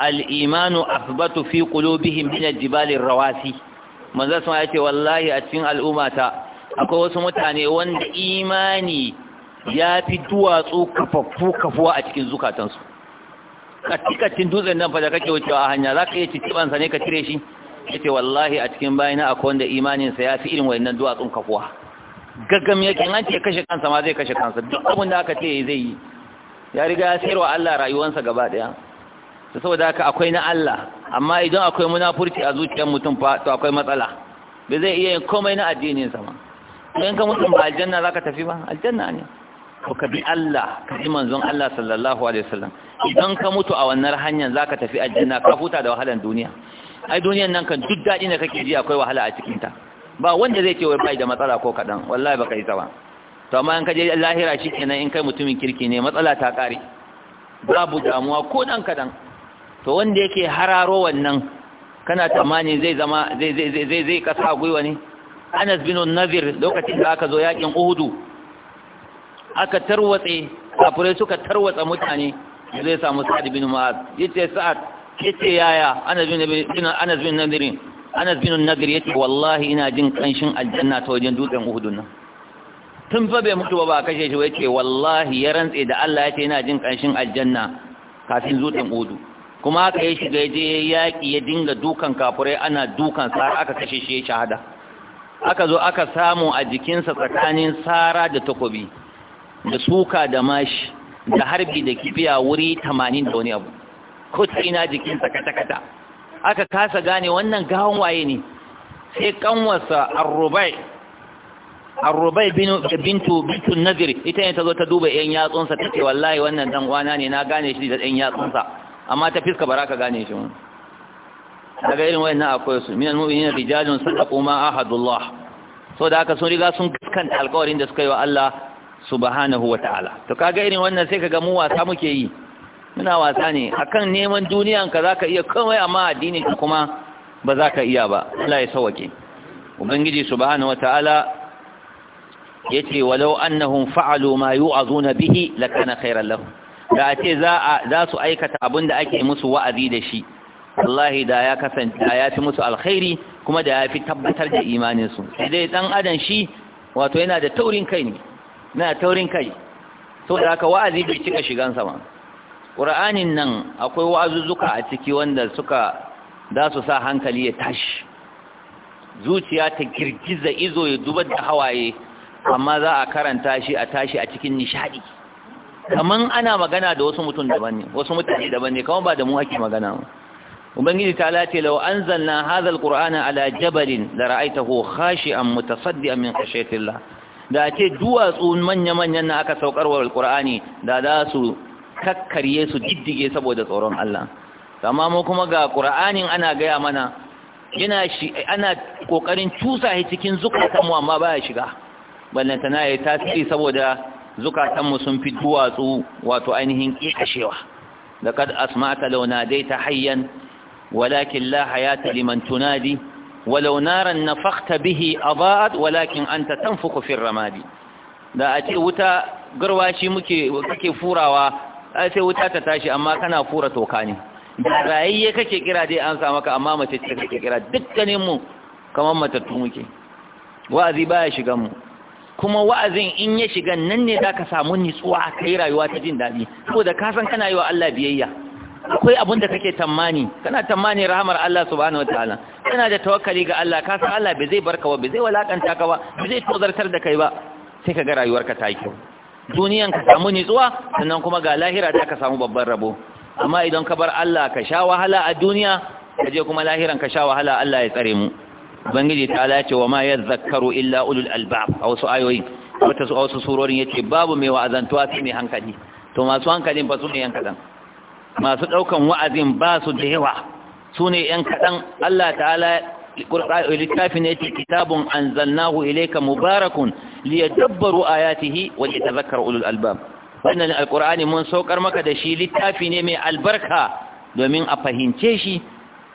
al imanu athbatu fi qulubihim min al jibal ar rawasi manzo sama yace wallahi a cikin al'umma ta. akwai wasu mutane wanda imani ya fi duwatsu kafaffu kafuwa a cikin zukatansu katikacin dutsen nan fada kake wucewa a hanya za ka iya cicibansa ne ka cire shi ya ce wallahi a cikin bayana akwai wanda imaninsa ya fi irin wannan duwatsun kafuwa gaggam yake an ce kashe kansa ma zai kashe kansa duk abin da aka ce zai yi ya riga ya sayarwa Allah rayuwansa gaba daya ta saboda haka akwai na Allah amma idan akwai munafurci a zuciyar mutum fa to akwai matsala bai zai iya yin komai na addinin sama ma in ka mutum ba aljanna za ka tafi ba aljanna ne to ka bi Allah ka bi manzon Allah sallallahu alaihi wasallam idan ka mutu a wannan hanyar za ka tafi aljanna ka huta da wahalan duniya ai duniyan nan kan duk daɗi da kake ji akwai wahala a cikin ta ba wanda zai ce wai bai da matsala ko kaɗan wallahi baka yi tsawa to amma in ka je lahira shi shikenan in kai mutumin kirki ne matsala ta ƙare babu damuwa ko ɗan kaɗan to wanda yake hararo wannan kana tsammani zai zama zai zai zai zai kasa gwiwa ne anas bin Nadir lokacin da aka zo yakin uhudu aka tarwatse kafure suka tarwatsa mutane zai samu sa'ad bin mu'az yace sa'ad kace yaya anas bin bin anas bin nadir anas bin nadir yace wallahi ina jin kanshin aljanna ta wajen dutsen uhudun nan tun fa bai mutu ba ba kashe shi yace wallahi ya rantse da Allah yace ina jin kanshin aljanna kafin dutsen uhudu kuma aka yi shiga je yaki ya dinga dukan kafurai ana dukan sa aka kashe shi ya shahada aka zo aka samu a jikinsa tsakanin sara da takobi da suka da mashi da harbi da kibiya wuri tamanin da wani abu ko ina jikinsa kata-kata aka kasa gane wannan gawon waye ne sai kanwarsa arrubai arrubai bintu bintu nazir ita ne ta zo ta duba yan yatsunsa ta ce wallahi wannan dan ne na gane shi da yan yatsunsa amma ta fiska ba za ka gane shi mun daga irin wayannan akwai su minal mu'minin rijalun sadaqu ma ahadullah so da haka sun riga sun gaskanta alƙawarin da suka yi wa Allah subhanahu wata'ala to kaga irin wannan sai kaga mu wasa muke yi muna wasa ne akan neman duniyan ka zaka iya komai amma addinin ka kuma ba za ka iya ba Allah ya sauke ubangiji subhanahu wata'ala yace walau annahum fa'alu ma yu'azuna bihi lakana khairan lahum da ace za za su aikata abinda ake musu wa'azi da shi wallahi da ya kasance ya fi musu alkhairi kuma da ya fi tabbatar da imaninsu dai dan adam shi wato yana da taurin kai ne na taurin kai saboda haka wa'azi bai cika shigan sama qur'anin nan akwai wa'azuzzuka a ciki wanda suka za su sa hankali ya tashi zuciya ta girgiza izo ya dubar da hawaye amma za a karanta shi a tashi a cikin nishadi kaman ana magana da wasu mutum daban ne wasu mutane daban ne kaman ba da mu ake magana ba ubangiji ta lace lau an zanna hazal ƙur'ana ala jabalin da ra'aitahu khashi'an a min khashiyatillah da ce duwatsu manya-manyan na aka saukarwa alƙur'ani da za su kakkarye su diddige saboda tsoron Allah amma mu kuma ga ƙur'anin ana gaya mana yana shi ana ƙoƙarin cusa shi cikin zukatan amma ba ya shiga ballanta na yi tasiri saboda zukatan mu sun fi duwatsu wato ainihin kikashewa laqad launa dai ta hayyan ولكن لا حياة لمن تنادي ولو نارا نفخت به أضاءت ولكن أنت تنفخ في الرماد da a ce wuta garwashi muke kake furawa a sai wuta ta tashi amma kana fura toka ne da rayayye kake kira dai an sa maka amma mace ce kake kira dukkanin mu kamar matattu muke wa'azi baya shigan mu kuma wa'azin in ya shiga nan ne zaka samu nitsuwa kai rayuwa ta jin daɗi saboda kasan kana yiwa Allah biyayya akwai abin da kake tammani kana tammani rahamar Allah subhanahu wataala kana da tawakkali ga Allah ka san Allah bai zai barka ba bai zai walakanta ka ba bai zai tozartar da kai ba sai ka ga rayuwarka ta yi kyau duniyan ka samu nitsuwa sannan kuma ga lahira ta ka samu babban rabo amma idan ka bar Allah ka sha wahala a duniya ka je kuma lahiran ka sha wahala Allah ya tsare mu ubangiji ta ya ce wa ma yadhakkaru illa ulul albab a wasu ayoyi wata su a wasu surorin yace babu mai wa'azantuwa sai mai hankali to masu hankalin ba su ne yan kadan masu ɗaukan wa'azin ba su da yawa su ne ‘yan kaɗan Allah ta'ala littafi ne ce kitabun an ilaika mubarakun liyadabbaru ayatihi wa yatazakkar ulul albab wannan alqur'ani mun saukar maka da shi littafi ne mai albarka domin a fahimce shi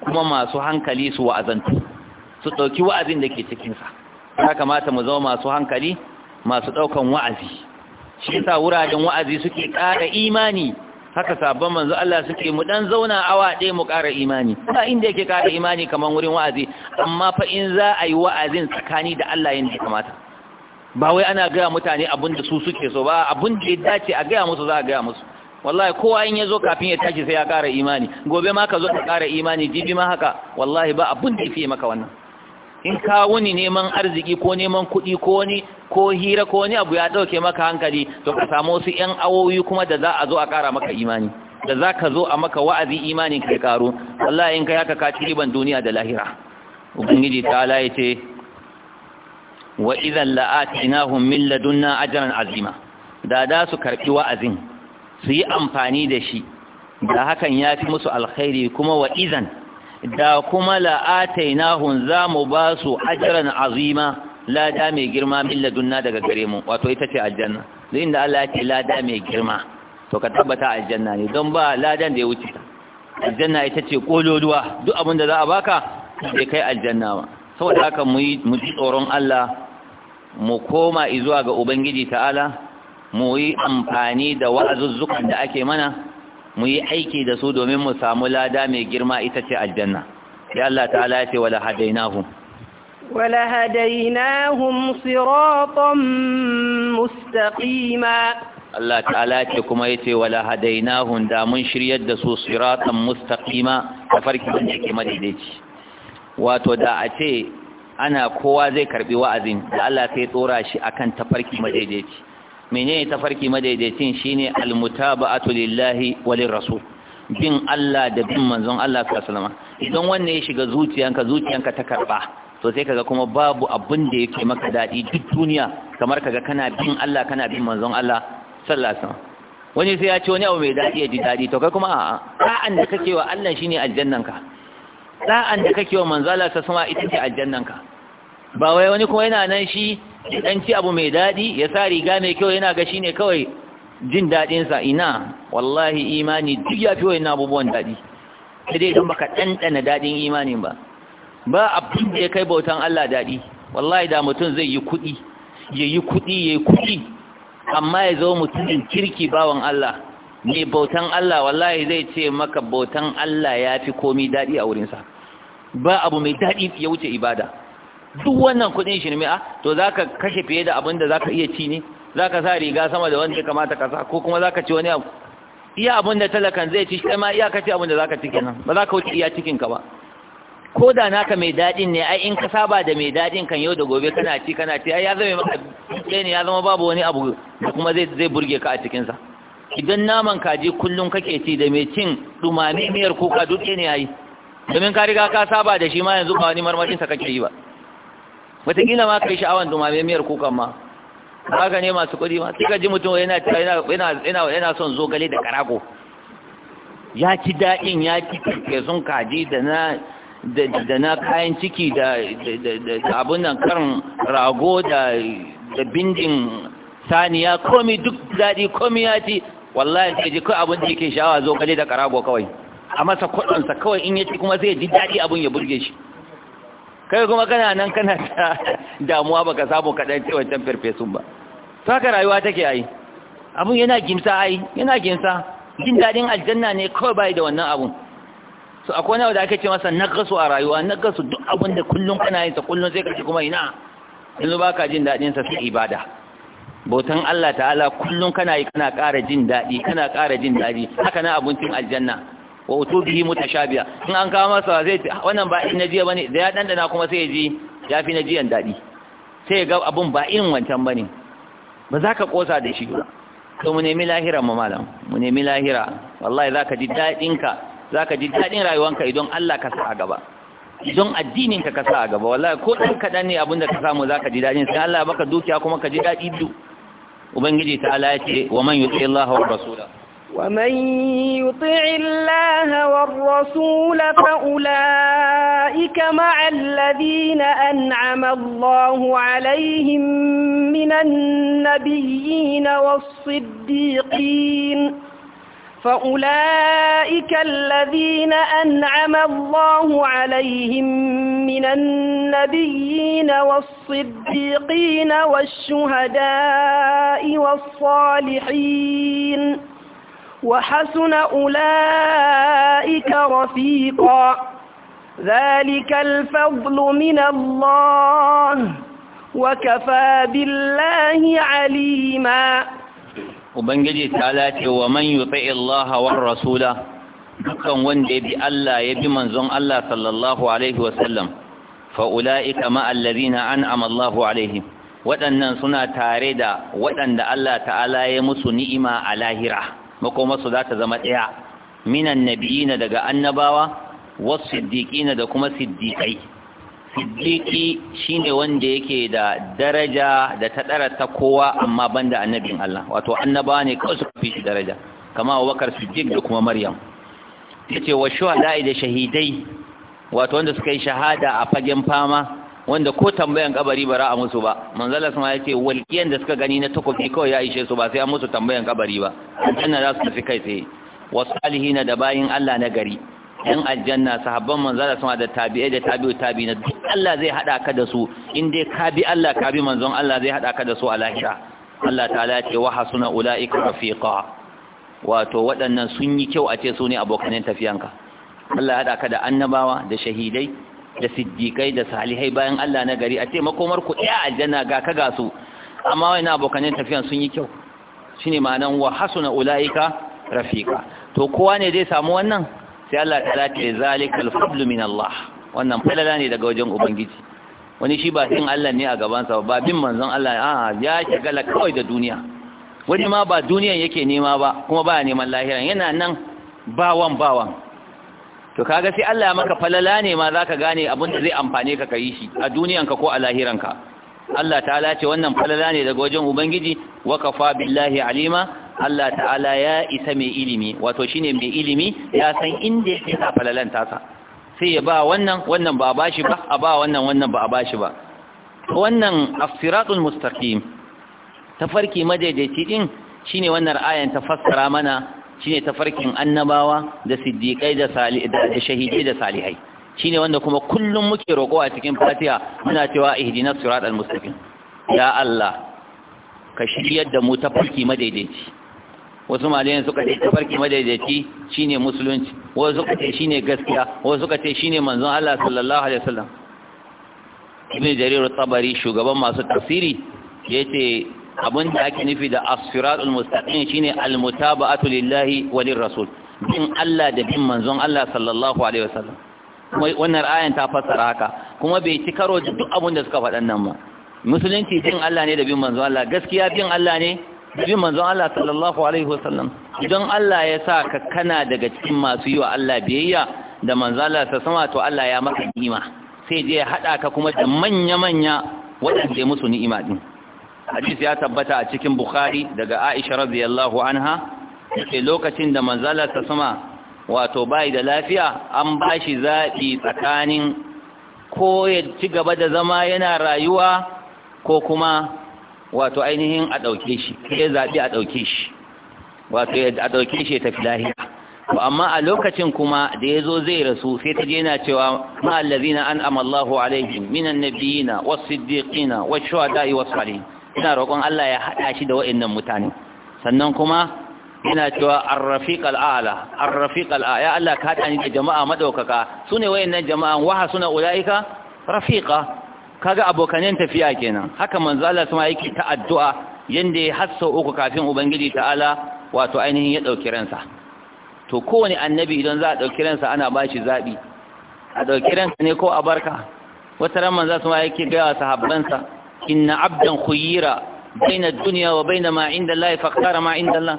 kuma masu hankali su wa'azantu su ɗauki wa'azin da ke cikinsa ya kamata mu zama masu hankali masu ɗaukan wa'azi shi sa wuraren wa'azi suke ƙara imani haka sabon manzo Allah suke mu dan zauna awa ɗaya mu ƙara imani ba inda yake ƙara imani kamar wurin wa'azi amma fa in za a yi wa'azin tsakani da Allah yin da kamata ba wai ana gaya mutane abin da su suke so ba abin da ya dace a gaya musu za a gaya musu wallahi kowa in ya zo kafin ya tashi sai ya ƙara imani gobe ma ka zo ka ƙara imani jibi ma haka wallahi ba abin da ya fiye maka wannan in ka wuni neman arziki ko neman kuɗi ko wani ko hira ko wani abu ya ɗauke maka hankali to ka samu wasu ‘yan awowi kuma da za a zo a ƙara maka imani da za ka zo a maka wa'azi imani ka ƙaru Allah in kai haka ka ci riban duniya da lahira ubangiji ta ala ya ce wa idan la'atinahum min ladunna ajran azima da da su karɓi wa'azin su yi amfani da shi da hakan ya fi musu alkhairi kuma wa izan da kuma la'atainahum za mu ba su ajran azima lada mai girma min ladunna daga gare mu wato ita ce aljanna duk da Allah ya ce lada mai girma to ka tabbata aljanna ne don ba ladan da ya wuce aljanna ita ce kololuwa duk abin da za a baka bai kai aljanna ba saboda haka mu yi mu ji tsoron Allah mu koma izuwa ga ubangiji ta'ala mu yi amfani da wa'azuzzukan da ake mana mu yi aiki da su domin mu samu lada mai girma ita ce aljanna ya Allah ta'ala ya ce wala hadainahum wala hadainahum siratan mustaqima Allah ta'ala ce kuma yace wala hadainahum da mun shiryar da su siratan mustaqima tafarki wanda yake madaidaici wato da a ce ana kowa zai karbi wa'azin da Allah sai tsora shi akan tafarki madaidaici menene tafarki madaidaicin shine almutaba'atu lillahi walir rasul bin Allah da bin manzon Allah sallallahu alaihi idan wannan ya shiga zuciyanka zuciyanka ta karba to sai kaga kuma babu abin da yake maka dadi duk duniya kamar kaga kana bin Allah kana bin manzon Allah sallallahu alaihi wasallam wani sai ya ce wani abu mai dadi ya ji dadi to kai kuma a'a sa'an da kake wa Allah shine aljannanka sa'an da kake wa manzon Allah sallallahu alaihi wasallam ita ce aljannanka ba wai wani kuma yana nan shi dan ci abu mai daɗi ya sa riga mai kyau yana ga shine kawai jin daɗinsa ina wallahi imani duk ya fi wa abubuwan daɗi sai dai dan baka ɗanɗana daɗin imanin ba ba abin da kai bautan Allah daɗi wallahi da mutum zai yi kuɗi yayi yi kuɗi ya kuɗi amma ya zo mutumin kirki bawan Allah ne bautan Allah wallahi zai ce maka bautan Allah ya fi komai daɗi a sa ba abu mai daɗi ya wuce ibada duk wannan kuɗin ne a ah, to za ka kashe fiye da abin da za ka iya ci ne za ka sa riga sama da wanda ya kamata ka sa ko kuma za ka ci wani abu iya abin da talakan zai ci shi ma iya ka ci abin da za ka ci kenan ba za ka wuce iya cikinka ba ko da naka mai daɗin ne ai in ka saba da mai daɗin kan yau da gobe kana ci kana ci ai ya zama maka ne ya zama babu wani abu da kuma zai zai burge ka a cikinsa idan naman kaji kullum kake ci da mai cin dumame miyar kuka duk ne yayi domin ka riga ka saba da shi ma yanzu ba wani marmarin sa kake yi ba wataƙila ma kai sha'awan dumame miyar kukan ma haka ne masu kuɗi ma suka ji mutum yana son son zogale da karago ya ci daɗin ya ci kesun kaji da na kayan ciki da abin nan karin rago da bindin saniya komi duk daɗi komi ya ci wallahi sai ji kawai abin da yake sha'awa zogale da karago kawai a masa kwaɗansa kawai in ya ci kuma zai ji daɗi abin ya burge shi kai kuma kana nan kana ta damuwa baka samu kadan cewa wancan farfesun ba to haka rayuwa take ai abun yana gimsa ai yana gimsa jin daɗin aljanna ne kawai bai da wannan abun so akwai wanda da ake ce masa nagasu a rayuwa nagasu duk abun da kullum kana yin sa kullum sai kace kuma ina yanzu baka jin daɗin sa sai ibada Botan Allah ta'ala kullum kana yi kana ƙara jin daɗi kana ƙara jin daɗi haka na abuncin aljanna wa utubihi mutashabiha in an kawo masa zai ah, wannan ba na jiya bane da ya dandana kuma sai ya ji yafi najiyan na daɗi sai ya ga abun ba irin wancan bane ba za ka kosa da shi ba to mu nemi lahira mu malam mu nemi lahira wallahi zaka ji daɗin ka zaka ji daɗin rayuwanka idan Allah ka sa a gaba idan addinin ka ka sa a gaba wallahi ko dan kadan ne abinda ka samu zaka ji daɗin sai Allah ya baka dukiya kuma ka ji daɗi du. ubangiji ta'ala ya ce wa man yuti Allah wa rasula ومن يطع الرسول فأولئك مع الذين أنعم الله عليهم من النبيين والصديقين فأولئك الذين أنعم الله عليهم من النبيين والصديقين والشهداء والصالحين وحسن أولئك رفيقا ذلك الفضل من الله وكفى بالله عليما Ubangiji ta lace wa man yuti Allah wa rasula dukkan wanda ya bi Allah ya bi manzon Allah sallallahu alaihi wa sallam fa ulaika ma allazina an'ama Allahu alaihim waɗannan suna tare da waɗanda Allah ta'ala ya musu ni'ima a lahira makomarsu za ta zama ɗaya minan na daga annabawa wasu na da kuma siddiƙai siddiƙi ne wanda yake da daraja da ta ɗara ta kowa amma ban da annabin Allah wato annabawa ne kawai suka fi shi daraja kama wakar siddiq da kuma maryam ce wa shuhada da shahidai wato wanda suka yi shahada a fagen fama wanda ko tambayan kabari ba a musu ba manzala sama ya ce walƙiyan da suka gani na takobi kawai ya ishe su ba sai an musu tambayan kabari ba aljanna za su tafi kai tsaye wasu alihina da bayin Allah na gari yan aljanna sahabban manzala sama da tabi'ai da tabi'u na duk Allah zai hada ka da su in dai ka bi Allah ka bi manzon Allah zai hada ka da su a lahira Allah ta'ala ya ce wa hasuna ulaika rafiqa wato waɗannan sun yi kyau a ce su ne abokanin tafiyanka Allah ya hada ka da annabawa da shahidai da siddiƙai da salihai bayan Allah na gari a ce makomar ku ɗaya aljanna ga ka ga su amma wani abokanin tafiyan sun yi kyau ne ma'anan wa na ulaika rafiƙa to kowa ne zai samu wannan sai Allah ta da zalikal fadlu min Allah wannan falala ne daga wajen ubangiji wani shi ba sin Allah ne a gabansa sa ba bin manzon Allah a ya shagala kawai da duniya wani ma ba duniyan yake nema ba kuma ba neman lahiran yana nan bawan bawan to kaga sai Allah ya maka falala ne ma zaka gane abin da zai amfane ka kai shi a duniyanka ko a lahiranka Allah ta'ala ce wannan falala ne daga wajen ubangiji wa kafa billahi alima Allah ta'ala ya isa mai ilimi wato shine mai ilimi ya san inda yake sa falalan tasa sai ya ba wannan wannan ba a bashi ba a ba wannan wannan ba a bashi ba wannan as-siratul mustaqim tafarki madaidaici din shine wannan ayan ta fassara mana shine tafarkin annabawa da siddiqai da shahidai da salihai shine wanda kuma kullum muke roƙo a cikin fatiha muna cewa ihdinas siratal mustaqim ya Allah ka shiryar da mu tafarki madaidaici wasu malayen suka ce tafarki madaidaici shine musulunci wasu suka ce shine gaskiya wasu suka ce shine manzon Allah sallallahu alaihi wasallam ibn jarir tabari shugaban masu tafsiri yace abin da ake nufi da asfiratul mustaqim shine almutaba'atu lillahi wa lirrasul bin Allah da bin manzon Allah sallallahu alaihi wasallam wannan ayan ta fassara haka kuma bai ci karo da duk abin da suka faɗa nan ba musulunci bin Allah ne da bin manzon Allah gaskiya bin Allah ne da bin manzon Allah sallallahu alaihi wasallam idan Allah ya sa ka kana daga cikin masu yi wa Allah biyayya da manzon Allah ta sama to Allah ya maka ni'ima sai je ya hada ka kuma da manya-manya waɗanda ya musu ni'ima din hadisi ya tabbata a cikin bukhari daga aisha radiyallahu anha ce lokacin da manzala ta sama wato bai da lafiya an bashi zaɓi tsakanin ko ya ci gaba da zama yana rayuwa ko kuma wato ainihin a ɗauke shi ya zaɓi a ɗauke shi wato a ɗauke shi ya tafi lahiya amma a lokacin kuma da ya zo zai rasu sai ta je na cewa ma'allazina an amallahu alaihim minan nabiyina wasu siddiqina wasu shuhada'i wasu salihin ina roƙon Allah ya haɗa shi da wa'annan mutane sannan kuma ina cewa ar-rafiq al-a'la ar-rafiq al-a'la ya Allah ka haɗa ni da jama'a madaukaka sune wa'annan jama'an waha suna ulaika rafiqa kaga abokanen tafiya kenan haka manzo Allah kuma yake ta addu'a yanda ya hassa uku kafin ubangiji ta'ala wato ainihin ya dauki ransa to kowane annabi idan za a dauki ransa ana ba shi zabi a dauki ranka ne ko a barka wata ran manzo kuma yake ga sahabbansa إن عبدا خيرا بين الدنيا وبين ما عند الله ma inda عند الله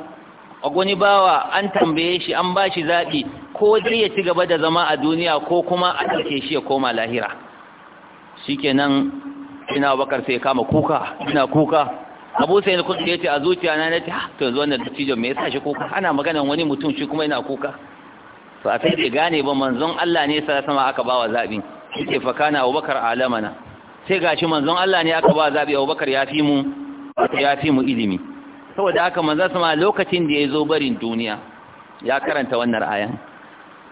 wani bawa an tambaye shi an ba shi zaɓi ko dai ya ci gaba da zama a duniya ko kuma a ɗauke shi ya koma lahira shikenan ina bakar sai kama kuka ina kuka abu sai ne kuka yace a zuciya na nace to yanzu wannan dattijo me yasa shi kuka ana maganan wani mutum shi kuma ina kuka to a sai ki gane ba manzon Allah ne sai sama aka bawa zaɓi yake fa kana Abubakar alamana sai gashi manzon Allah ne aka ba zabi Abubakar ya fi mu ya fi mu ilimi saboda haka manzon sama lokacin da ya zo barin duniya ya karanta wannan ayan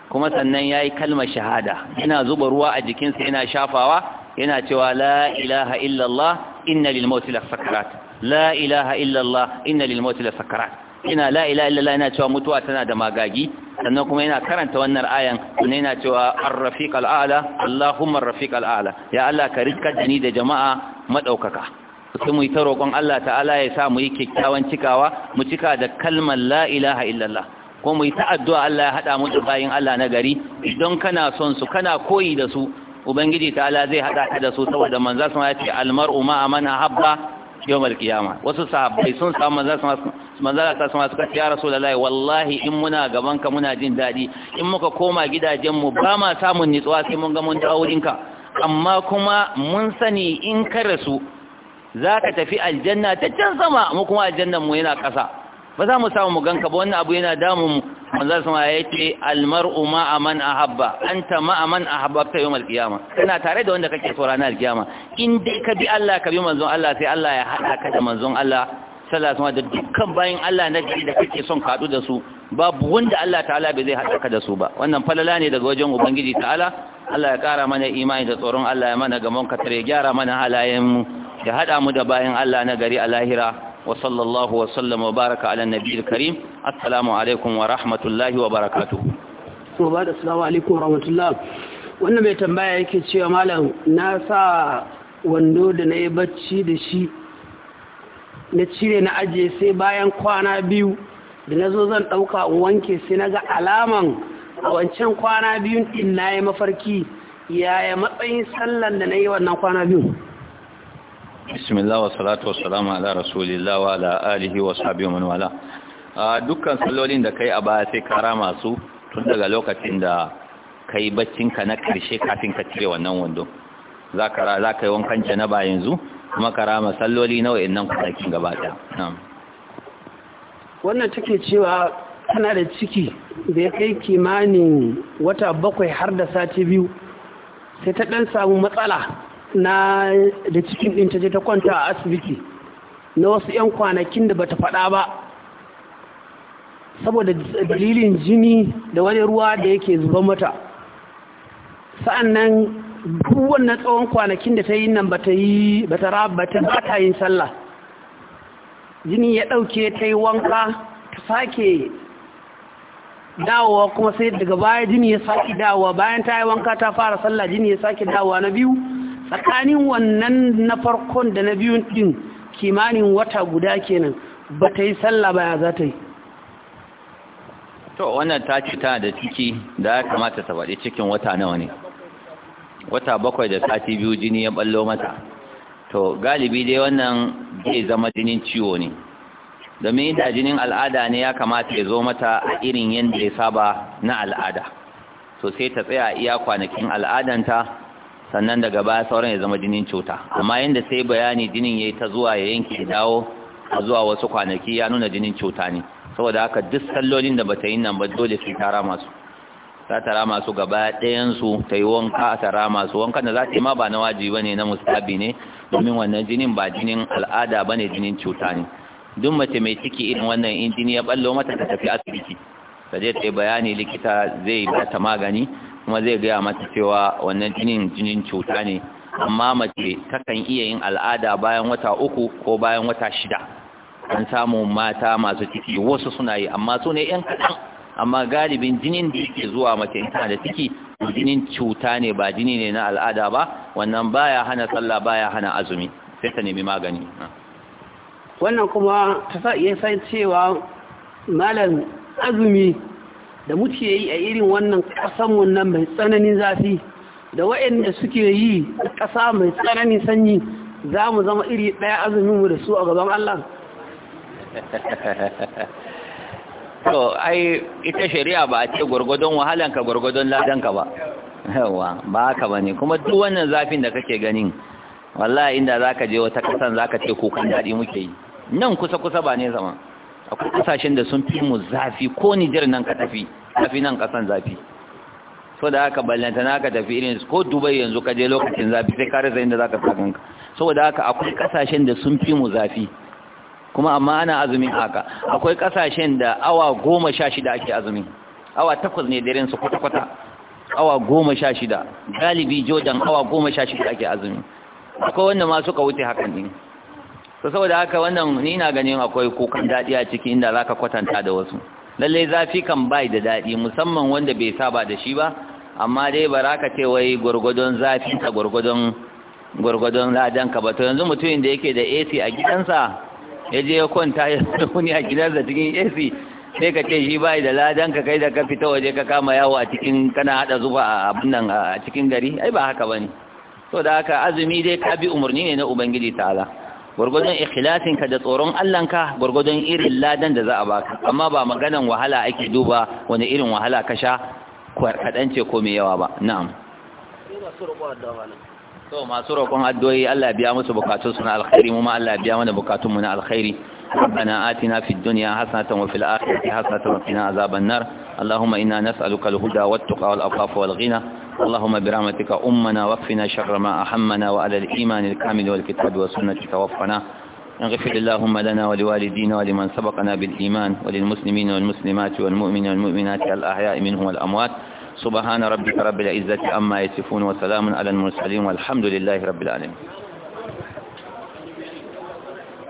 kuma sannan yayi kalmar shahada yana zuba ruwa a jikinsa yana shafawa yana cewa la ilaha illallah inna lil mauti sakarat la ilaha illallah inna lil sakarat ina la ilaha illallah yana cewa mutuwa tana da magagi sannan kuma yana karanta wannan ayan sannan yana cewa ar-rafiq al-a'la Allahumma ar-rafiq al-a'la ya Allah ka rizka da ni da jama'a madaukaka sai mu yi ta roƙon Allah ta'ala ya sa mu yi kyakkyawan cikawa mu cika da kalmar la ilaha illallah ko mu yi ta Allah ya hada mu da bayin Allah na gari kana son su kana koyi da su ubangiji ta'ala zai hada ka da su saboda manzo sama ya ce al-mar'u ma'a Yau qiyama wasu sahabbai sun samu manzon Allah ta sama suka ce ya rasulullahi wallahi in muna gaban ka muna jin daɗi, in muka koma gidajen mu ba ma samun nitsuwa sai mun ga mun aurinka amma kuma mun sani in ka rasu zaka tafi aljanna ta can sama mu kuma aljannan mu yana kasa ba za mu samu ganka ba wannan abu yana damun manzon sama ya ce almar'u a man ta ma a man ahabbta yawm alqiyama kana tare da wanda kake so ranar alqiyama in dai ka bi Allah ka bi manzon Allah sai Allah ya haɗa ka da manzon Allah sallallahu da dukkan bayan Allah na da kake son kadu da su babu wanda Allah ta'ala bai zai ka da su ba wannan falala ne daga wajen ubangiji ta'ala Allah ya kara mana imani da tsoron Allah ya mana gamon katare ya gyara mana halayenmu mu ya haɗa mu da bayan Allah na gari a lahira وصلى الله وسلم وبارك على النبي الكريم السلام عليكم ورحمة الله وبركاته وبعد السلام عليكم ورحمة الله wannan mai tambaya yake cewa malam na sa wando da na yi bacci da shi na cire na ajiye sai bayan kwana biyu da na zo zan ɗauka in wanke sai na ga alaman a wancan kwana biyun in na yi mafarki yaya matsayin sallan da na yi wannan kwana biyun? بسم الله والصلاة والسلام على رسول الله وعلى آله وصحبه ومن والاه dukkan sallolin da kai a baya sai kara masu tun daga lokacin da kai baccinka na karshe kafin ka cire wannan wando za ka za ka yi wankan janaba yanzu kuma kara ma salloli na wayannan kwanakin gaba ɗaya wannan take cewa tana da ciki da ya kai kimanin wata bakwai har da sati biyu sai ta dan samu matsala na da cikin ɗinta ta ta kwanta a asibiti na wasu 'yan kwanakin da bata faɗa ba saboda dalilin jini da wani ruwa da yake zuba mata sa'an nan wannan tsawon kwanakin da ta yi nan bata yi ba ta yi sallah jini ya ɗauke ta yi wanka ta sake dawowa kuma sai daga baya jini ya sake dawowa bayan ta yi wanka ta fara sallah jini ya sake dawowa na biyu tsakanin wannan na farkon da na biyun din kimanin wata guda kenan ba ta yi sallah ba za ta yi to wannan ta cuta da ciki da ya kamata ta faɗi cikin wata nawa ne wata bakwai da sati biyu jini ya ɓallo mata to galibi dai wannan zai zama jinin ciwo ne domin da jinin al'ada ne ya kamata ya zo mata a irin yadda ya saba na al'ada sosai ta tsaya iya kwanakin al'adanta sannan daga baya sauran ya zama jinin cuta amma yadda sai bayani jinin ya yi ta zuwa ya yanke dawo a zuwa wasu kwanaki ya nuna jinin cuta ne saboda haka duk sallolin da bata yi nan ba dole ta tara masu ta rama su gaba ɗayansu ta yi wanka ta rama su wankan da za ta yi ma ba na wajibi ba ne na mustabi ne domin wannan jinin ba jinin al'ada ba ne jinin cuta ne duk mace mai ciki irin wannan injini ya ballo mata ta tafi asibiti ta je ta bayani likita zai ba ta magani kuma zai gaya mata cewa wannan jinin jinin cuta ne amma mace takan iya yin al'ada bayan wata uku ko bayan wata shida an samu mata masu ciki wasu suna yi amma su ne yan kaɗan amma galibin jinin da yake zuwa mace in tana da ciki jinin cuta ne ba jini ne na al'ada ba wannan baya hana sallah baya hana azumi sai ta nemi magani wannan kuma ta sa iya san cewa malam azumi da muke yi a irin wannan kasan wannan mai tsananin zafi da waɗanda suke yi a ƙasa mai tsananin sanyi za mu zama iri ɗaya azuminmu da su a gaban Allah? to ai ita shari'a ba a ce gwargwadon wahalanka gwargwadon ladanka ba ba haka ba ne kuma duk wannan zafin da kake ganin wallahi inda za ka je wata ƙasan za ka ce kukan daɗi muke yi nan kusa-kusa ba ne zama akwai kasashen da sun fi mu zafi ko nijar nan ka tafi tafi nan kasan zafi so da haka ballanta na ka tafi irin ko dubai yanzu ka je lokacin zafi sai ka rasa inda zaka sakan ka saboda haka akwai kasashen da sun fi mu zafi kuma amma ana azumin haka akwai kasashen da awa goma sha shida ake azumi awa takwas ne daren su kwata-kwata awa goma sha shida galibi jordan awa goma sha shida ake azumi akwai wanda ma suka wuce hakan ne to saboda haka wannan ni na ganin akwai kukan daɗi a ciki inda zaka kwatanta da wasu Lallai zafi kan bai da daɗi musamman wanda bai saba da shi ba amma dai ba za ka ce wai gwargwadon zafi ta gwargwadon gwargwadon ladan ka ba to yanzu mutumin da yake da AC a gidansa ya je ya kwanta ya wuni a gidansa cikin AC sai ka ce shi bai da ladan ka kai da ka fita waje ka kama yawo a cikin kana hada zuba a abin nan a cikin gari ai ba haka bane to da haka azumi dai ka bi umarni ne na ubangiji ta'ala gwargwadon ikhlasinka da tsoron Allahnka gwargwadon irin ladan da za a baka amma ba maganan wahala ake duba wani irin wahala ka sha kaɗan ce ko mai yawa ba na'am to masu roƙon addu'o'i Allah ya biya musu bukatun su na alkhairi mu ma Allah biya mana bukatun mu na alkhairi ربنا آتنا في الدنيا حسنة وفي الآخرة حسنة وقنا عذاب النار اللهم إنا نسألك الهدى والتقى والأوقاف والغنى اللهم برحمتك أمنا وقفنا شر ما أحمنا وعلى الإيمان الكامل والكتاب والسنة توفنا اغفر اللهم لنا ولوالدينا ولمن سبقنا بالإيمان وللمسلمين والمسلمات والمؤمنين والمؤمنات الأحياء منهم والأموات سبحان ربك رب العزة أما يسفون وسلام على المرسلين والحمد لله رب العالمين